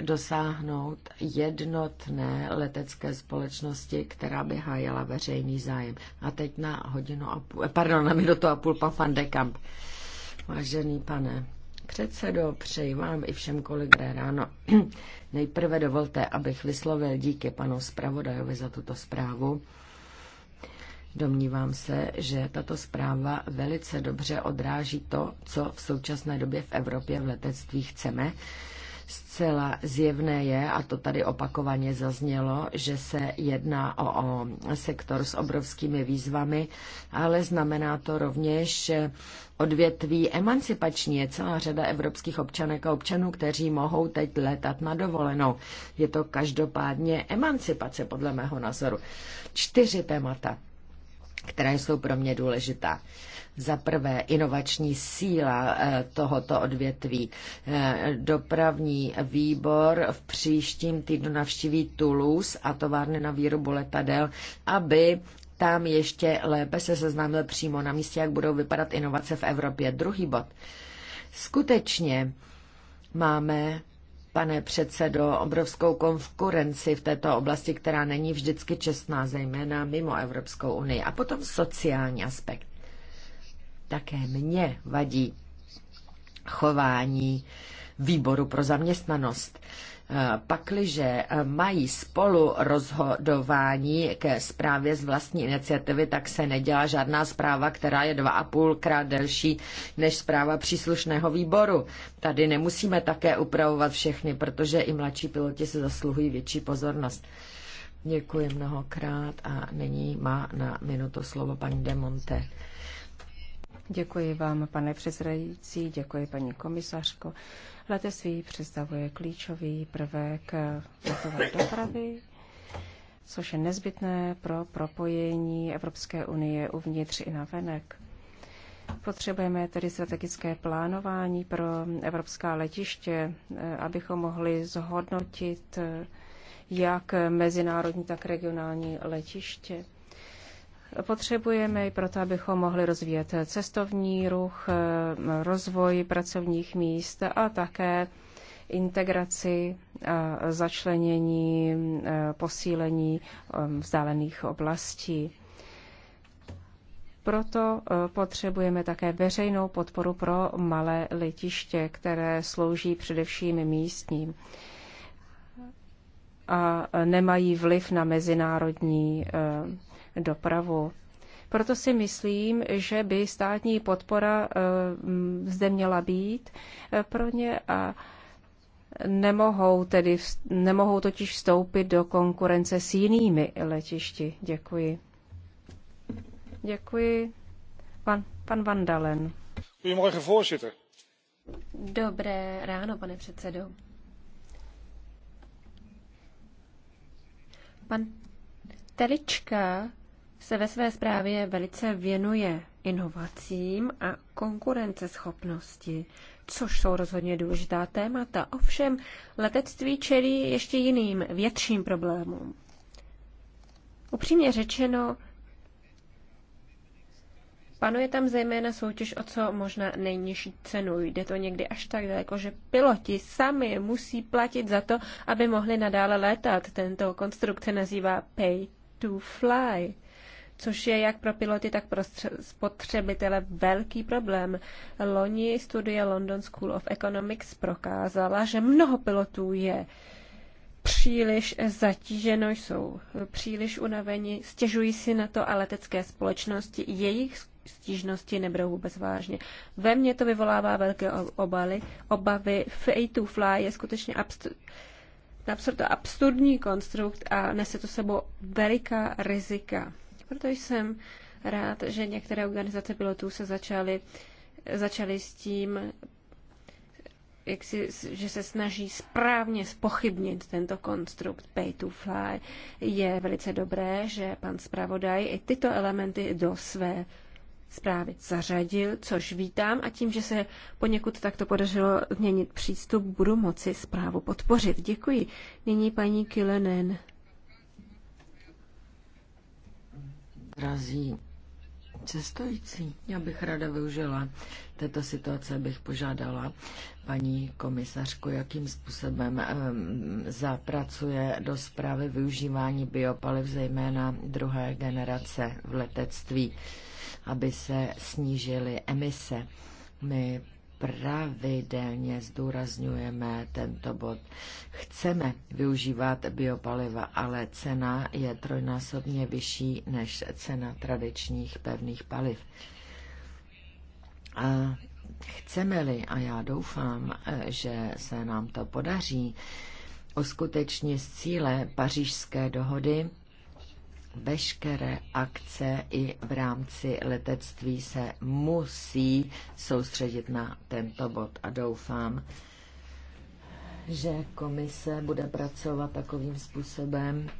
dosáhnout jednotné letecké společnosti, která by hájela veřejný zájem. A teď na hodinu a půl, eh, pardon, na minutu a půl pan Van de Kamp. Vážený pane předsedo, přeji vám i všem kolegové ráno. Nejprve dovolte, abych vyslovil díky panu zpravodajovi za tuto zprávu. Domnívám se, že tato zpráva velice dobře odráží to, co v současné době v Evropě v letectví chceme Zcela zjevné je, a to tady opakovaně zaznělo, že se jedná o, o sektor s obrovskými výzvami, ale znamená to rovněž odvětví emancipační. Je celá řada evropských občanek a občanů, kteří mohou teď letat na dovolenou. Je to každopádně emancipace, podle mého názoru. Čtyři témata která jsou pro mě důležitá. Za prvé, inovační síla eh, tohoto odvětví. Eh, dopravní výbor v příštím týdnu navštíví Toulouse a továrny na výrobu letadel, aby tam ještě lépe se seznámil přímo na místě, jak budou vypadat inovace v Evropě. Druhý bod. Skutečně máme pane předsedo, obrovskou konkurenci v této oblasti, která není vždycky čestná, zejména mimo Evropskou unii. A potom sociální aspekt. Také mě vadí chování výboru pro zaměstnanost. Pakliže mají spolu rozhodování ke zprávě z vlastní iniciativy, tak se nedělá žádná zpráva, která je dva a půlkrát delší než zpráva příslušného výboru. Tady nemusíme také upravovat všechny, protože i mladší piloti se zasluhují větší pozornost. Děkuji mnohokrát a nyní má na minuto slovo paní Demonte. Děkuji vám, pane předsedající, děkuji paní komisařko. Letectví představuje klíčový prvek letové dopravy, což je nezbytné pro propojení Evropské unie uvnitř i na venek. Potřebujeme tedy strategické plánování pro evropská letiště, eh, abychom mohli zhodnotit eh, jak mezinárodní, tak regionální letiště. Potřebujeme ji proto, abychom mohli rozvíjet cestovní ruch, rozvoj pracovních míst a také integraci, začlenění, e, posílení e, vzdálených oblastí. Proto e, potřebujeme také veřejnou podporu pro malé letiště, které slouží především místním a nemají vliv na mezinárodní dopravu. Proto si myslím, že by státní podpora eh, zde měla být eh, pro ně a nemohou, tedy, nemohou totiž vstoupit do konkurence s jinými letišti. Děkuji. Děkuji. Pan, pan Vandalen. Dobré ráno, pane předsedo. Pan Telička se ve své zprávě velice věnuje inovacím a konkurenceschopnosti, což jsou rozhodně důležitá témata. Ovšem, letectví čelí ještě jiným, větším problémům. Upřímně řečeno, panuje tam zejména soutěž o co možná nejnižší cenu. Jde to někdy až tak daleko, že piloti sami musí platit za to, aby mohli nadále létat. Tento konstrukce nazývá pay to fly což je jak pro piloty, tak pro spotřebitele velký problém. Loni studie London School of Economics prokázala, že mnoho pilotů je příliš zatíženo, jsou příliš unaveni, stěžují si na to a letecké společnosti jejich stížnosti nebudou vůbec vážně. Ve mně to vyvolává velké obaly, obavy. Fay to fly je skutečně absurd, absurdní konstrukt a nese to sebou veliká rizika. Proto jsem rád, že některé organizace pilotů se začaly, začaly s tím, jak si, že se snaží správně spochybnit tento konstrukt pay to fly. Je velice dobré, že pan zpravodaj i tyto elementy do své zprávy zařadil, což vítám a tím, že se poněkud takto podařilo změnit přístup, budu moci zprávu podpořit. Děkuji. Nyní paní Kilenen. Drazí cestující, já bych ráda využila této situace, bych požádala paní komisařku, jakým způsobem zapracuje do zprávy využívání biopaliv, zejména druhé generace v letectví, aby se snížily emise. My pravidelně zdůrazňujeme tento bod. Chceme využívat biopaliva, ale cena je trojnásobně vyšší než cena tradičních pevných paliv. A chceme-li, a já doufám, že se nám to podaří, uskutečnit cíle pařížské dohody, veškeré akce i v rámci letectví se musí soustředit na tento bod a doufám, že komise bude pracovat takovým způsobem,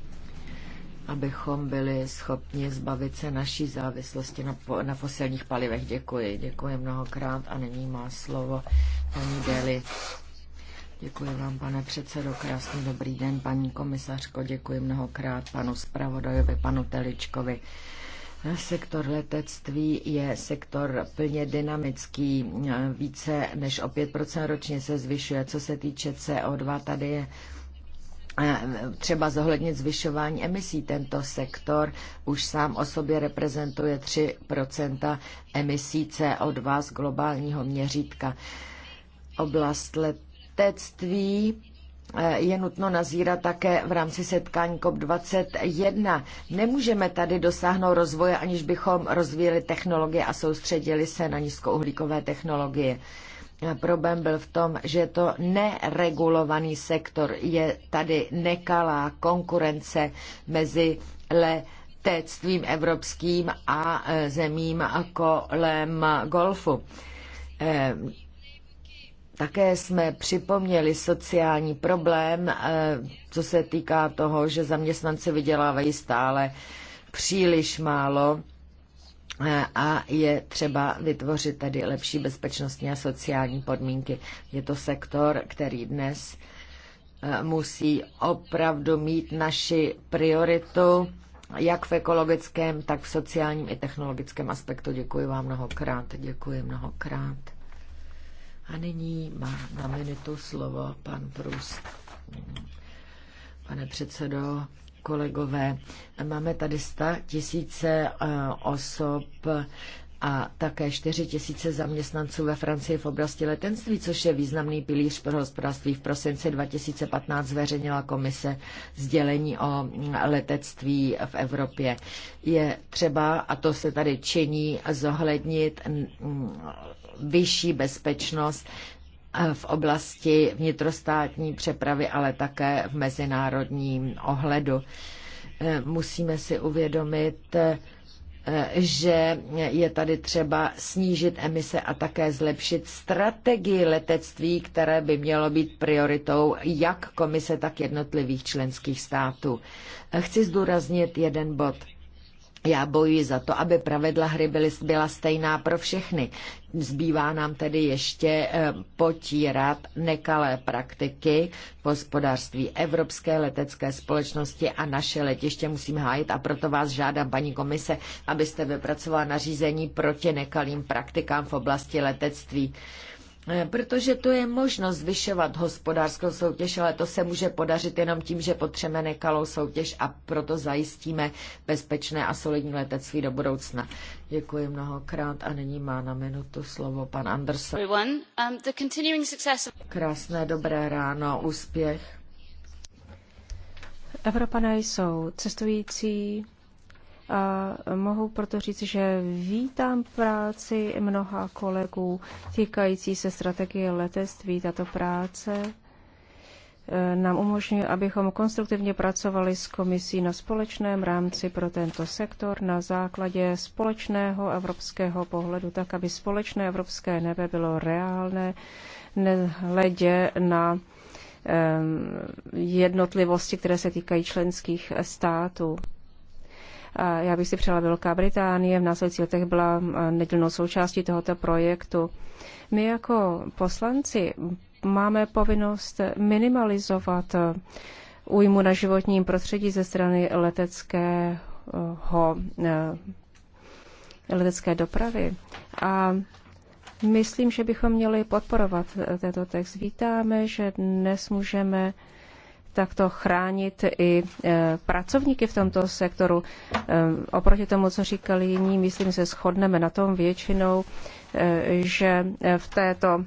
abychom byli schopni zbavit se naší závislosti na, po, na fosilních palivech. Děkuji. Děkuji mnohokrát a nyní má slovo paní Deli. Děkuji vám, pane předsedo. Krásný dobrý den, paní komisařko. Děkuji mnohokrát panu zpravodajovi, panu Teličkovi. Sektor letectví je sektor plně dynamický. Více než o 5% ročně se zvyšuje. Co se týče CO2, tady je eh, třeba zohlednit zvyšování emisí. Tento sektor už sám o sobě reprezentuje 3 emisí CO2 z globálního měřítka. Oblast let letectví eh, je nutno nazírat také v rámci setkání COP21. Nemůžeme tady dosáhnout rozvoje, aniž bychom rozvíjeli technologie a soustředili se na nízkouhlíkové technologie. Eh, problém byl v tom, že to neregulovaný sektor je tady nekalá konkurence mezi letectvím evropským a eh, zemím kolem golfu také jsme připomněli sociální problém, eh, co se týká toho, že zaměstnanci vydělávají stále příliš málo eh, a je třeba vytvořit tedy lepší bezpečnostní a sociální podmínky. Je to sektor, který dnes eh, musí opravdu mít naši prioritu, jak v ekologickém, tak v sociálním i technologickém aspektu. Děkuji vám mnohokrát. Děkuji mnohokrát. A nyní má na minutu slovo pan Prust. Pane předsedo, kolegové, máme tady 100 tisíce eh, osob a také 4 tisíce zaměstnanců ve Francii v oblasti letenství, což je významný pilíř pro hospodářství. V prosinci 2015 zveřejnila komise sdělení o letectví v Evropě. Je třeba, a to se tady činí, zohlednit mm, vyšší bezpečnost eh, v oblasti vnitrostátní přepravy, ale také v mezinárodním ohledu. Eh, musíme si uvědomit, eh, že je tady třeba snížit emise a také zlepšit strategii letectví, které by mělo být prioritou jak komise, tak jednotlivých členských států. Chci zdůraznit jeden bod – já bojuji za to, aby pravidla hry byly, byla stejná pro všechny. Zbývá nám tedy ještě eh, potírat nekalé praktiky v hospodářství Evropské letecké společnosti a naše letiště musím hájit a proto vás žádám, paní komise, abyste vypracovala nařízení proti nekalým praktikám v oblasti letectví. Eh, protože to je možnost zvyšovat hospodářskou soutěž, ale to se může podařit jenom tím, že potřeme nekalou soutěž a proto zajistíme bezpečné a solidní letectví do budoucna. Děkuji mnohokrát a nyní má na minutu slovo pan Anderson. Um, Krásné dobré ráno, úspěch. Evropané jsou cestující, a mohu proto říct, že vítám práci mnoha kolegů týkající se strategie letectví. Tato práce e, nám umožňuje, abychom konstruktivně pracovali s komisí na společném rámci pro tento sektor na základě společného evropského pohledu, tak aby společné evropské nebe bylo reálné, nehledě na jednotlivosti, které se týkají členských států. Já bych si přála Velká Británie v následujících letech byla nedělnou součástí tohoto projektu. My jako poslanci máme povinnost minimalizovat újmu na životním prostředí ze strany leteckého, letecké dopravy. A myslím, že bychom měli podporovat e, tento text. Vítáme, že dnes můžeme takto chránit i e, pracovníky v tomto sektoru. E, oproti tomu, co říkali jiní, myslím, se shodneme na tom většinou, e, že v této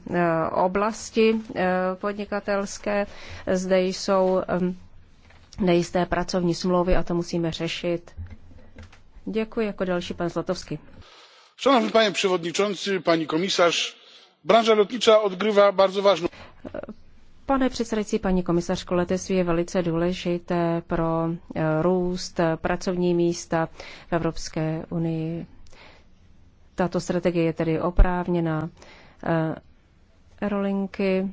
oblasti podnikatelské zde jsou nejisté pracovní smlouvy a to musíme řešit. Děkuji. Jako další pan Zlatovský. Szanowny panie przewodniczący, pani komisarz, branża lotnicza odgrywa bardzo ważną Pane předsedající, paní komisařko, letectví je velice důležité pro eh, růst pracovní místa v Evropské unii. Tato strategie je tedy oprávněná. Eh, Rolinky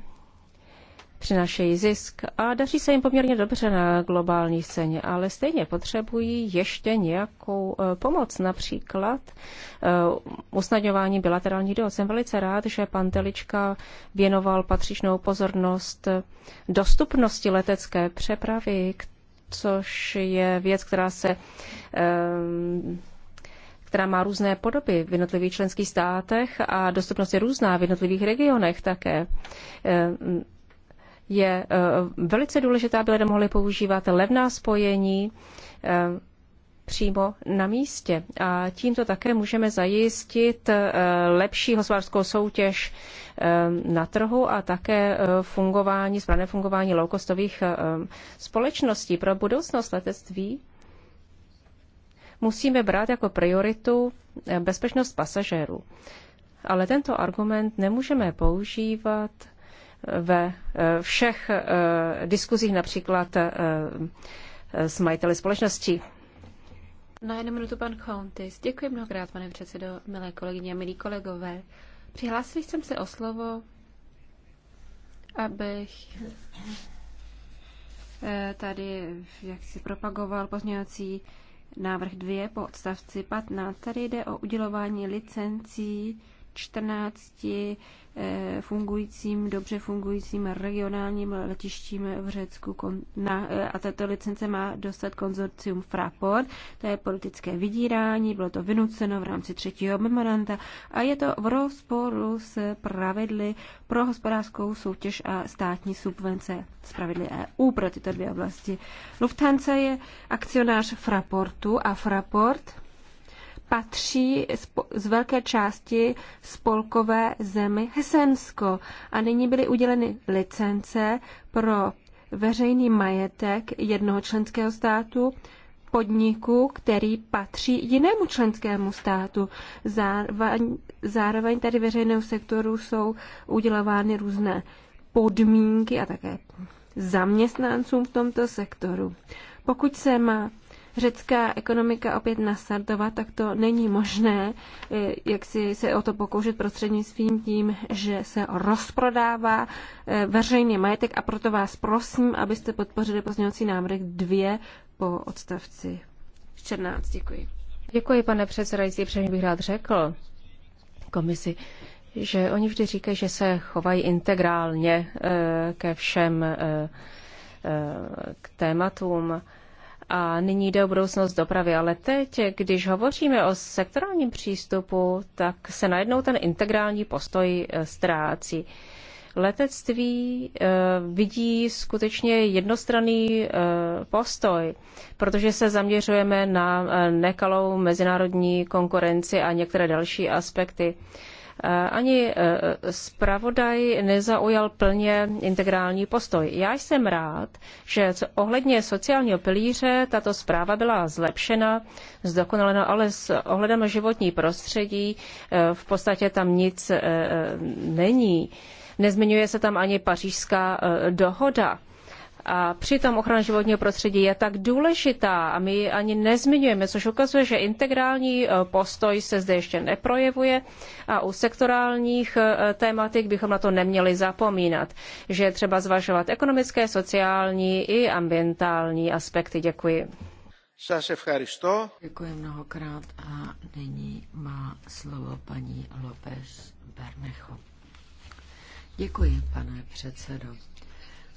přinašejí zisk a daří se jim poměrně dobře na globální scéně, ale stejně potřebují ještě nějakou e, pomoc, například e, usnadňování bilaterální dohod. Jsem velice rád, že pan Telička věnoval patřičnou pozornost dostupnosti letecké přepravy, což je věc, která se e, která má různé podoby v jednotlivých členských státech a dostupnost je různá v jednotlivých regionech také je eh, velice důležité, aby lidé mohli používat levná spojení eh, přímo na místě. A tímto také můžeme zajistit eh, lepší hospodářskou soutěž na trhu a také fungování, správné fungování loukostových společností. Pro budoucnost letectví musíme brát jako prioritu bezpečnost pasažérů. Ale tento argument nemůžeme používat ve eh, všech eh, diskuzích, například eh, s majiteli společností. Na jednu minutu pan Kontis. Děkuji mnohokrát, pane předsedo, milé kolegyně a milí kolegové. Přihlásil jsem se o slovo, abych tady jak si propagoval pozměňovací návrh 2 po odstavci 15. Tady jde o udělování licencí 14 eh, fungujícím, dobře fungujícím regionálním letištím v Řecku. Eh, a tato licence má dostat konzorcium Fraport. To je politické vydírání, bylo to vynuceno v rámci třetího memoranda a je to v rozporu s pravidly pro hospodářskou soutěž a státní subvence z pravidly EU pro tyto dvě oblasti. Lufthansa je akcionář Fraportu a Fraport patří z velké části spolkové zemi Hesensko. A nyní byly uděleny licence pro veřejný majetek jednoho členského státu, podniku, který patří jinému členskému státu. Zároveň, zároveň tady veřejného sektoru jsou udělovány různé podmínky a také zaměstnancům v tomto sektoru. Pokud se má řecká ekonomika opět nastartovat, tak to není možné, eh, jak si se o to pokoušet prostřednictvím tím, že se rozprodává eh, veřejný majetek a proto vás prosím, abyste podpořili pozměňovací návrh 2 po odstavci 14. Děkuji. Děkuji, pane předsedající, přejmě bych rád řekl komisi, že oni vždy říkají, že se chovají integrálně eh, ke všem k tématům. A nyní jde o budoucnost dopravy, ale teď, když hovoříme o sektorálním přístupu, tak se najednou ten integrální postoj e, ztrácí. Letectví e, vidí skutečně jednostranný e, postoj, protože se zaměřujeme na nekalou mezinárodní konkurenci a některé další aspekty. Eh, ani eh, zpravodaj nezaujal plně integrální postoj. Já jsem rád, že ohledně sociálního pilíře tato zpráva byla zlepšena, zdokonalena, ale s ohledem na životní prostředí eh, v podstatě tam nic není. Nezmiňuje se tam ani pařížská dohoda a přitom ochrana životního prostředí je tak důležitá a my ji ani nezmiňujeme, což ukazuje, že integrální e, postoj se zde ještě neprojevuje a u sektorálních e, tématik bychom na to neměli zapomínat, že je třeba zvažovat ekonomické, sociální i ambientální aspekty. Děkuji. Děkuji mnohokrát a nyní má slovo paní López Bernecho. Děkuji, pane předsedo.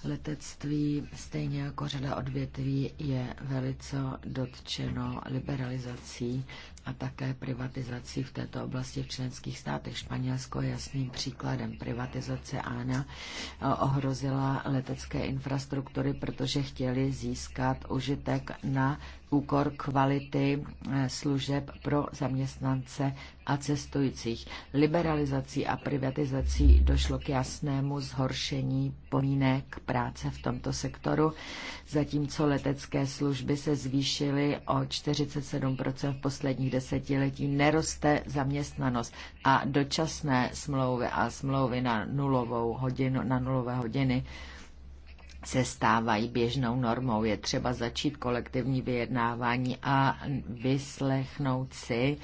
Letectví, stejně jako řada odvětví, je velice dotčeno liberalizací a také privatizací v této oblasti v členských státech. Španělsko je jasným příkladem. Privatizace ANA eh, ohrozila letecké infrastruktury, protože chtěli získat užitek na úkor kvality eh, služeb pro zaměstnance a cestujících. Liberalizací a privatizací došlo k jasnému zhoršení podmínek práce v tomto sektoru, zatímco letecké služby se zvýšily o 47% v posledních desetiletí. Neroste zaměstnanost a dočasné smlouvy a smlouvy na nulovou hodinu, na nulové hodiny se stávají běžnou normou. Je třeba začít kolektivní vyjednávání a vyslechnout si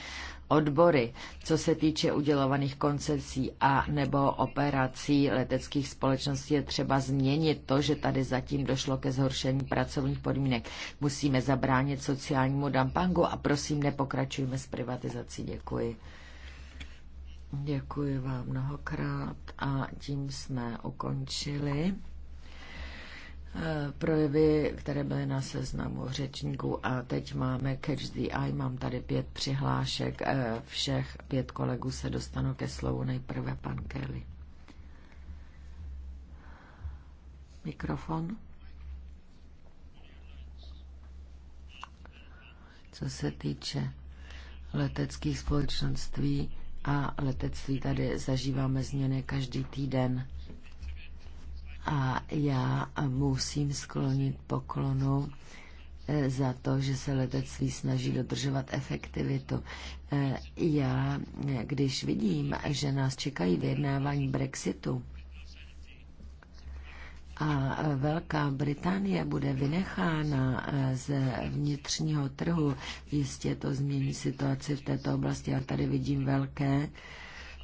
odbory, co se týče udělovaných koncesí a nebo operací leteckých společností, je třeba změnit to, že tady zatím došlo ke zhoršení pracovních podmínek. Musíme zabránit sociálnímu dampangu a prosím, nepokračujme s privatizací. Děkuji. Děkuji vám mnohokrát a tím jsme ukončili. Eh, projevy, které byly na seznamu řečníků a teď máme Catch the Eye, mám tady pět přihlášek, eh, všech pět kolegů se dostanou ke slovu, nejprve pan Kelly. Mikrofon. Co se týče leteckých společenství a letectví, tady zažíváme změny každý týden a já musím sklonit poklonu eh, za to, že se letectví snaží dodržovat efektivitu. Eh, já, eh, když vidím, že nás čekají vyjednávání Brexitu a Velká Británie bude vynechána z vnitřního trhu, jistě to změní situaci v této oblasti. Já tady vidím velké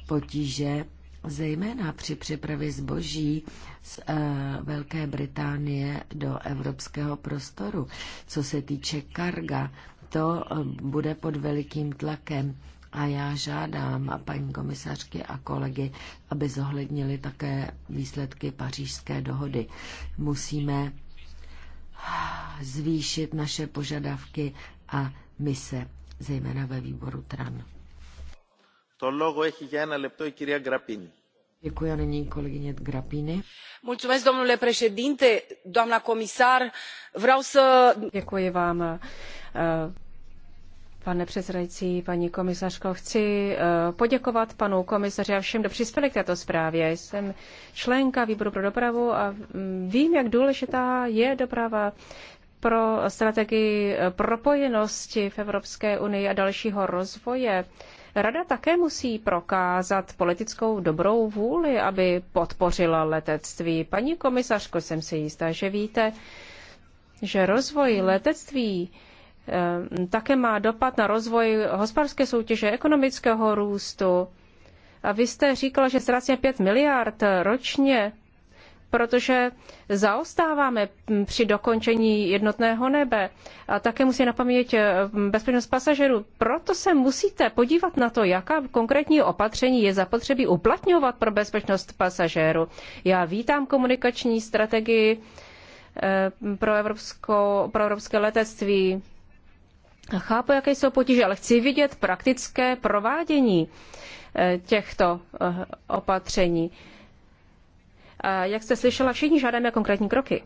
potíže zejména při přepravě zboží z eh, Velké Británie do evropského prostoru. Co se týče karga, to eh, bude pod velikým tlakem. A já žádám a paní komisařky a kolegy, aby zohlednili také výsledky pařížské dohody. Musíme zvýšit naše požadavky a mise, zejména ve výboru TRAN. To logo je na lepto i Grapini domnule președinte, doamna comisar. Vreau să... Děkuji vám. Eh, pane předsedající, paní komisařko, chci eh, poděkovat panu komisaři a všem, kdo přispěli k této zprávě. Jsem členka výboru pro dopravu a mm, vím, jak důležitá je doprava pro strategii eh, propojenosti v Evropské unii a dalšího rozvoje. Rada také musí prokázat politickou dobrou vůli, aby podpořila letectví. Paní komisařko, jsem si jistá, že víte, že rozvoj letectví také má dopad na rozvoj hospodářské soutěže, ekonomického růstu. A vy jste říkala, že ztrácíme 5 miliard ročně protože zaostáváme při dokončení jednotného nebe. A také musí na paměť eh, bezpečnost pasažerů. Proto se musíte podívat na to, jaká konkrétní opatření je zapotřebí uplatňovat pro bezpečnost pasažérů. Já vítám komunikační strategii eh, pro, evropskou, pro evropské letectví. Chápu, jaké jsou potíže, ale chci vidět praktické provádění eh, těchto opatření. Eh, jak jste slyšela, všichni žádáme konkrétní kroky.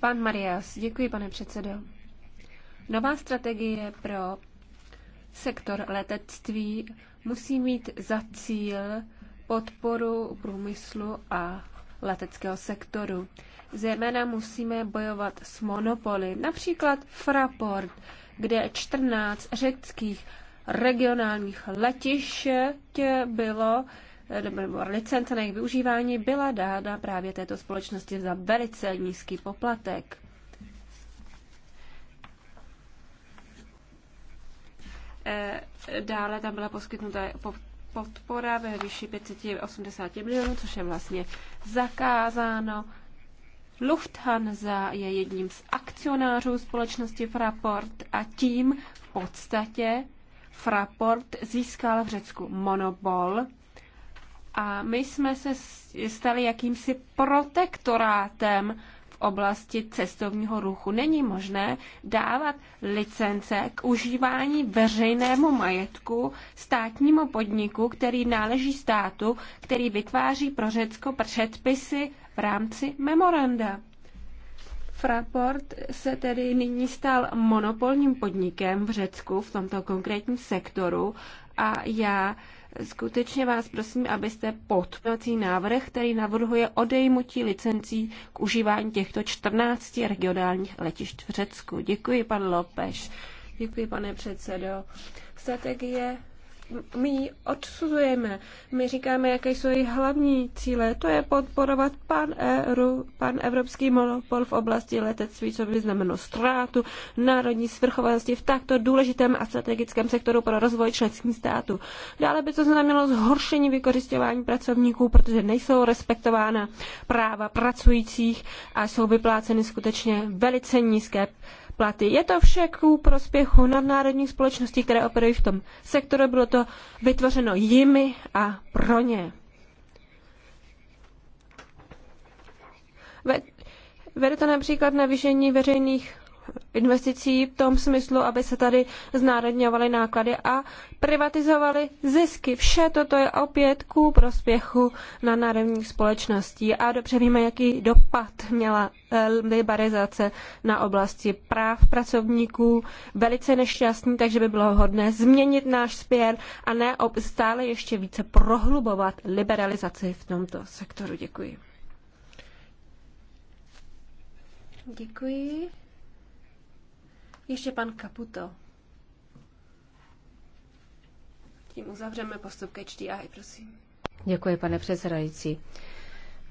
Pan Marias, děkuji, pane předsedo. Nová strategie pro sektor letectví musí mít za cíl podporu průmyslu a leteckého sektoru. Zejména musíme bojovat s monopoly, například Fraport, kde 14 řeckých regionálních letišť bylo nebo licence na jejich využívání byla dána právě této společnosti za velice nízký poplatek. E, dále tam byla poskytnuta podpora ve výši 580 milionů, což je vlastně zakázáno. Lufthansa je jedním z akcionářů společnosti Fraport a tím v podstatě Fraport získal v Řecku monopol a my jsme se stali jakýmsi protektorátem v oblasti cestovního ruchu. Není možné dávat licence k užívání veřejnému majetku státnímu podniku, který náleží státu, který vytváří pro Řecko předpisy v rámci memoranda. Fraport se tedy nyní stal monopolním podnikem v Řecku v tomto konkrétním sektoru a já skutečně vás prosím, abyste podpovací návrh, který navrhuje odejmutí licencí k užívání těchto 14 regionálních letišť v Řecku. Děkuji, pan Lopeš. Děkuji, pane předsedo. Strategie my ji odsuzujeme. My říkáme, jaké jsou její hlavní cíle. To je podporovat pan, Eru, pan evropský monopol v oblasti letectví, co by znamenalo ztrátu národní svrchovanosti v takto důležitém a strategickém sektoru pro rozvoj členských států. Dále by to znamenalo zhoršení vykořišťování pracovníků, protože nejsou respektována práva pracujících a jsou vypláceny skutečně velice nízké platy. Je to vše ku prospěchu nadnárodních společností, které operují v tom sektoru. Bylo to vytvořeno jimi a pro ně. Vede to například navýšení veřejných investicí v tom smyslu, aby se tady znárodňovaly náklady a privatizovaly zisky. Vše toto je opět ku prospěchu na národních společností a dobře víme, jaký dopad měla eh, liberalizace na oblasti práv pracovníků. Velice nešťastný, takže by bylo hodné změnit náš spěr a ne stále ještě více prohlubovat liberalizaci v tomto sektoru. Děkuji. Děkuji. Ještě pan Kaputo. Tím uzavřeme postup ke HDI, prosím. Děkuji, pane předsedající.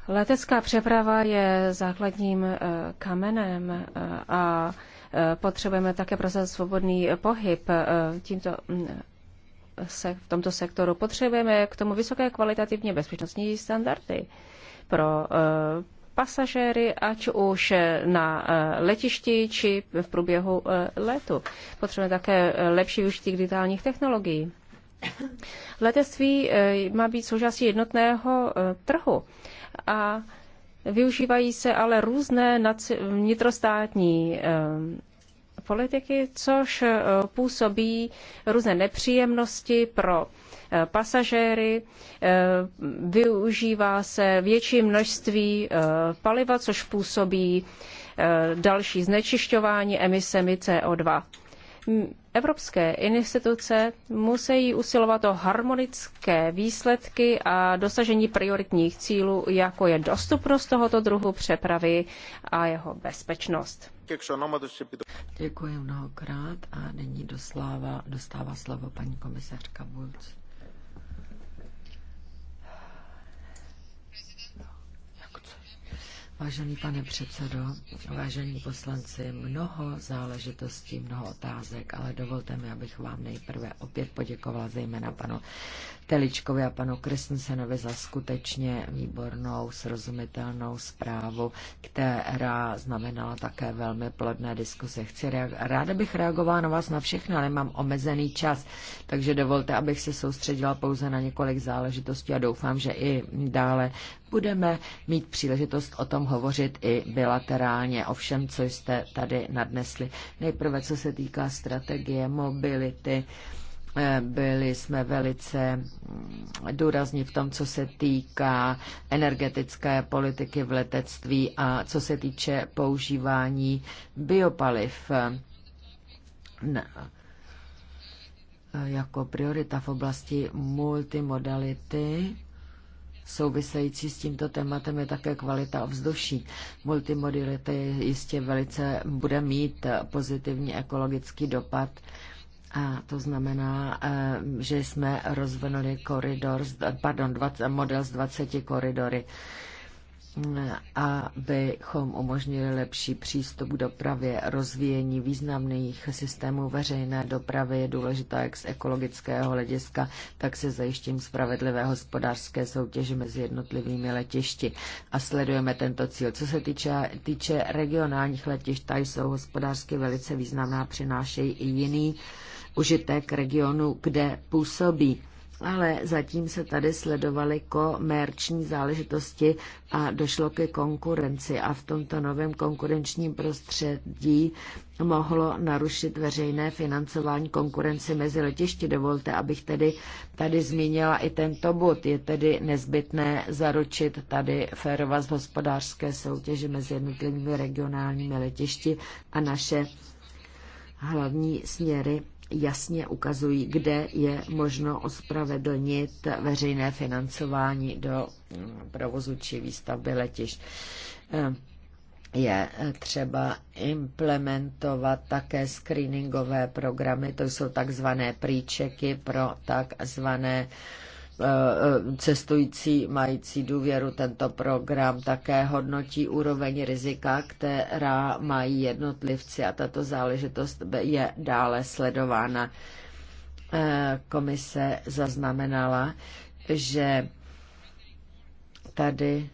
Letecká přeprava je základním eh, kamenem eh, a eh, potřebujeme také prosazovat svobodný pohyb tímto mm, se v tomto sektoru. Potřebujeme k tomu vysoké kvalitativně bezpečnostní standardy pro pasažéry, ať už na eh, letišti či v průběhu eh, letu. Potřebujeme také eh, lepší využití digitálních technologií. Letectví má být součástí jednotného trhu a využívají se ale různé vnitrostátní politiky, což působí různé nepříjemnosti pro pasažéry, eh, využívá se větší množství eh, paliva, což působí eh, další znečišťování emisemi CO2. Evropské instituce musí usilovat o harmonické výsledky a dosažení prioritních cílů, jako je dostupnost tohoto druhu přepravy a jeho bezpečnost. Děkuji mnohokrát a nyní doslává, dostává slovo paní komisařka Bulc. Vážený pane předsedo, vážení poslanci, mnoho záležitostí, mnoho otázek, ale dovolte mi, abych vám nejprve opět poděkovala zejména panu Teličkovi a panu Kristensenovi za skutečně výbornou, srozumitelnou zprávu, která znamenala také velmi plodné diskuse. Chci reag- ráda bych reagovala na vás na všechny, ale mám omezený čas, takže dovolte, abych se soustředila pouze na několik záležitostí a doufám, že i dále budeme mít příležitost o tom hovořit i bilaterálně, o všem, co jste tady nadnesli. Nejprve, co se týká strategie, mobility, byli jsme velice důrazní v tom, co se týká energetické politiky v letectví a co se týče používání biopaliv jako priorita v oblasti multimodality. Související s tímto tématem je také kvalita ovzduší. Multimodality jistě velice bude mít pozitivní ekologický dopad a to znamená, eh, že jsme rozvinuli koridor, pardon, 20, model z 20 koridory, eh, abychom umožnili lepší přístup k dopravě, rozvíjení významných systémů veřejné dopravy je důležitá jak z ekologického hlediska, tak se zajištím spravedlivé hospodářské soutěže mezi jednotlivými letišti. A sledujeme tento cíl. Co se týče, týče regionálních letišť, ta jsou hospodářsky velice významná, přinášejí i jiný užitek regionu, kde působí. Ale zatím se tady sledovaly komerční záležitosti a došlo ke konkurenci a v tomto novém konkurenčním prostředí mohlo narušit veřejné financování konkurenci mezi letišti. Dovolte, abych tedy tady zmínila i tento bod. Je tedy nezbytné zaručit tady férovost hospodářské soutěže mezi jednotlivými regionálními letišti a naše hlavní směry jasně ukazují, kde je možno ospravedlnit veřejné financování do mm, provozu či výstavby letišť ehm, je eh, třeba implementovat také screeningové programy, to jsou takzvané příčeky pro takzvané Eh, eh, cestující mající důvěru tento program také hodnotí úroveň rizika, která mají jednotlivci a tato záležitost je dále sledována. Eh, komise zaznamenala, že tady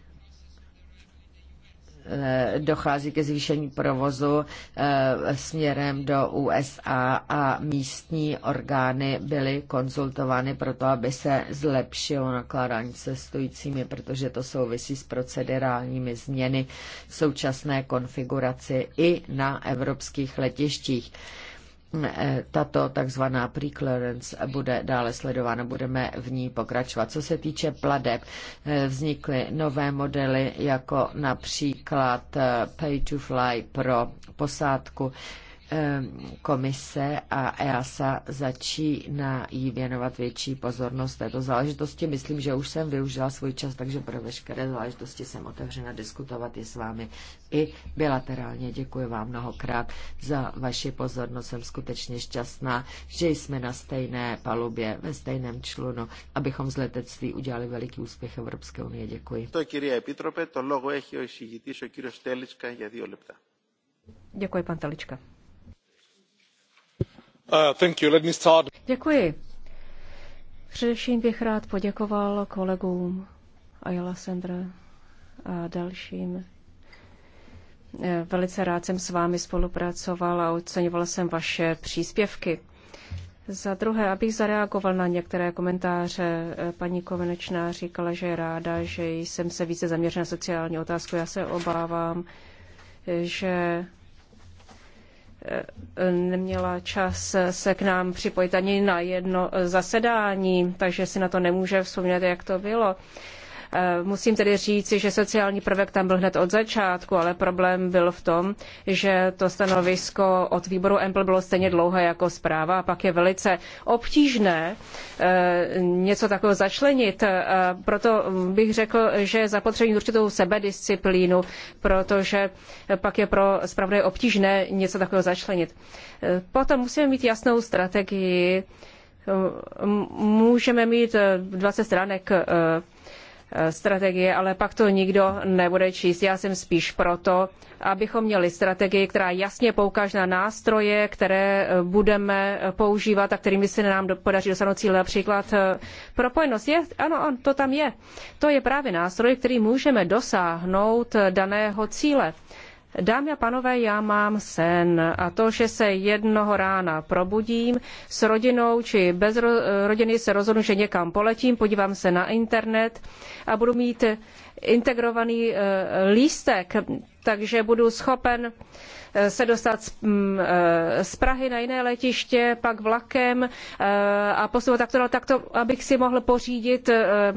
Eh, dochází ke zvýšení provozu eh, směrem do USA a místní orgány byly konzultovány pro to, aby se zlepšilo nakládání se stojícími, protože to souvisí s procedurálními změny v současné konfiguraci i na evropských letištích tato takzvaná pre-clearance bude dále sledována, budeme v ní pokračovat. Co se týče pladeb, vznikly nové modely, jako například pay to fly pro posádku, komise a EASA začíná jí věnovat větší pozornost této záležitosti. Myslím, že už jsem využila svůj čas, takže pro veškeré záležitosti jsem otevřena diskutovat i s vámi i bilaterálně. Děkuji vám mnohokrát za vaši pozornost. Jsem skutečně šťastná, že jsme na stejné palubě, ve stejném člunu, abychom z letectví udělali veliký úspěch Evropské unie. Děkuji. to logo Děkuji, pan Talička. Uh, Děkuji. Především bych rád poděkoval kolegům Ayala Sandra a dalším. Eh, velice rád jsem s vámi spolupracoval a oceňoval jsem vaše příspěvky. Za druhé, abych zareagoval na některé komentáře, eh, paní Kovenečná říkala, že je ráda, že jsem se více zaměřil na sociální otázku. Já se obávám, eh, že Eh, neměla čas se k nám připojit ani na jedno zasedání, takže si na to nemůže vzpomínat, jak to bylo. Eh, musím tedy říci, že sociální prvek tam byl hned od začátku, ale problém byl v tom, že to stanovisko od výboru Empl bylo stejně dlouhé jako zpráva a pak je velice obtížné eh, něco takového začlenit. Eh, proto bych řekl, že je zapotřebí určitou sebedisciplínu, protože pak je pro zpravodaje obtížné něco takového začlenit. Potom musíme mít jasnou strategii, můžeme mít 20 stránek Eh, strategie, ale pak to nikdo nebude číst. Já jsem spíš proto, abychom měli strategii, která jasně poukáže na nástroje, které eh, budeme používat a kterými se nám podaří dosáhnout cíle. Například eh, propojenost je, ano, to tam je. To je právě nástroj, který můžeme dosáhnout daného cíle. Dámy a panové, já mám sen a to, že se jednoho rána probudím s rodinou či bez rodiny se rozhodnu, že někam poletím, podívám se na internet a budu mít integrovaný eh, lístek takže budu schopen eh, se dostat mm, eh, z Prahy na jiné letiště, pak vlakem eh, a posunout takto dál, takto, abych si mohl pořídit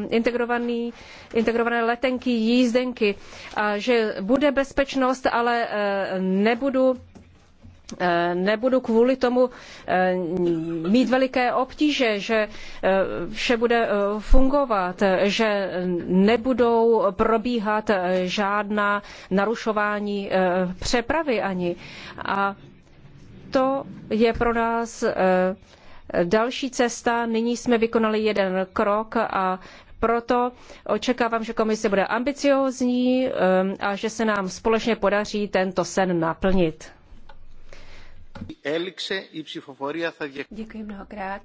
integrovaný, integrované letenky, jízdenky. A že bude bezpečnost, ale nebudu Eh, nebudu kvůli tomu eh, mít veliké obtíže, že eh, vše bude fungovat, že nebudou probíhat žádná narušování přepravy ani. A to je pro nás další cesta. Nyní jsme vykonali jeden krok a proto očekávám, že komise bude ambiciózní a že se nám společně podaří tento sen naplnit. Děkuji mnohokrát.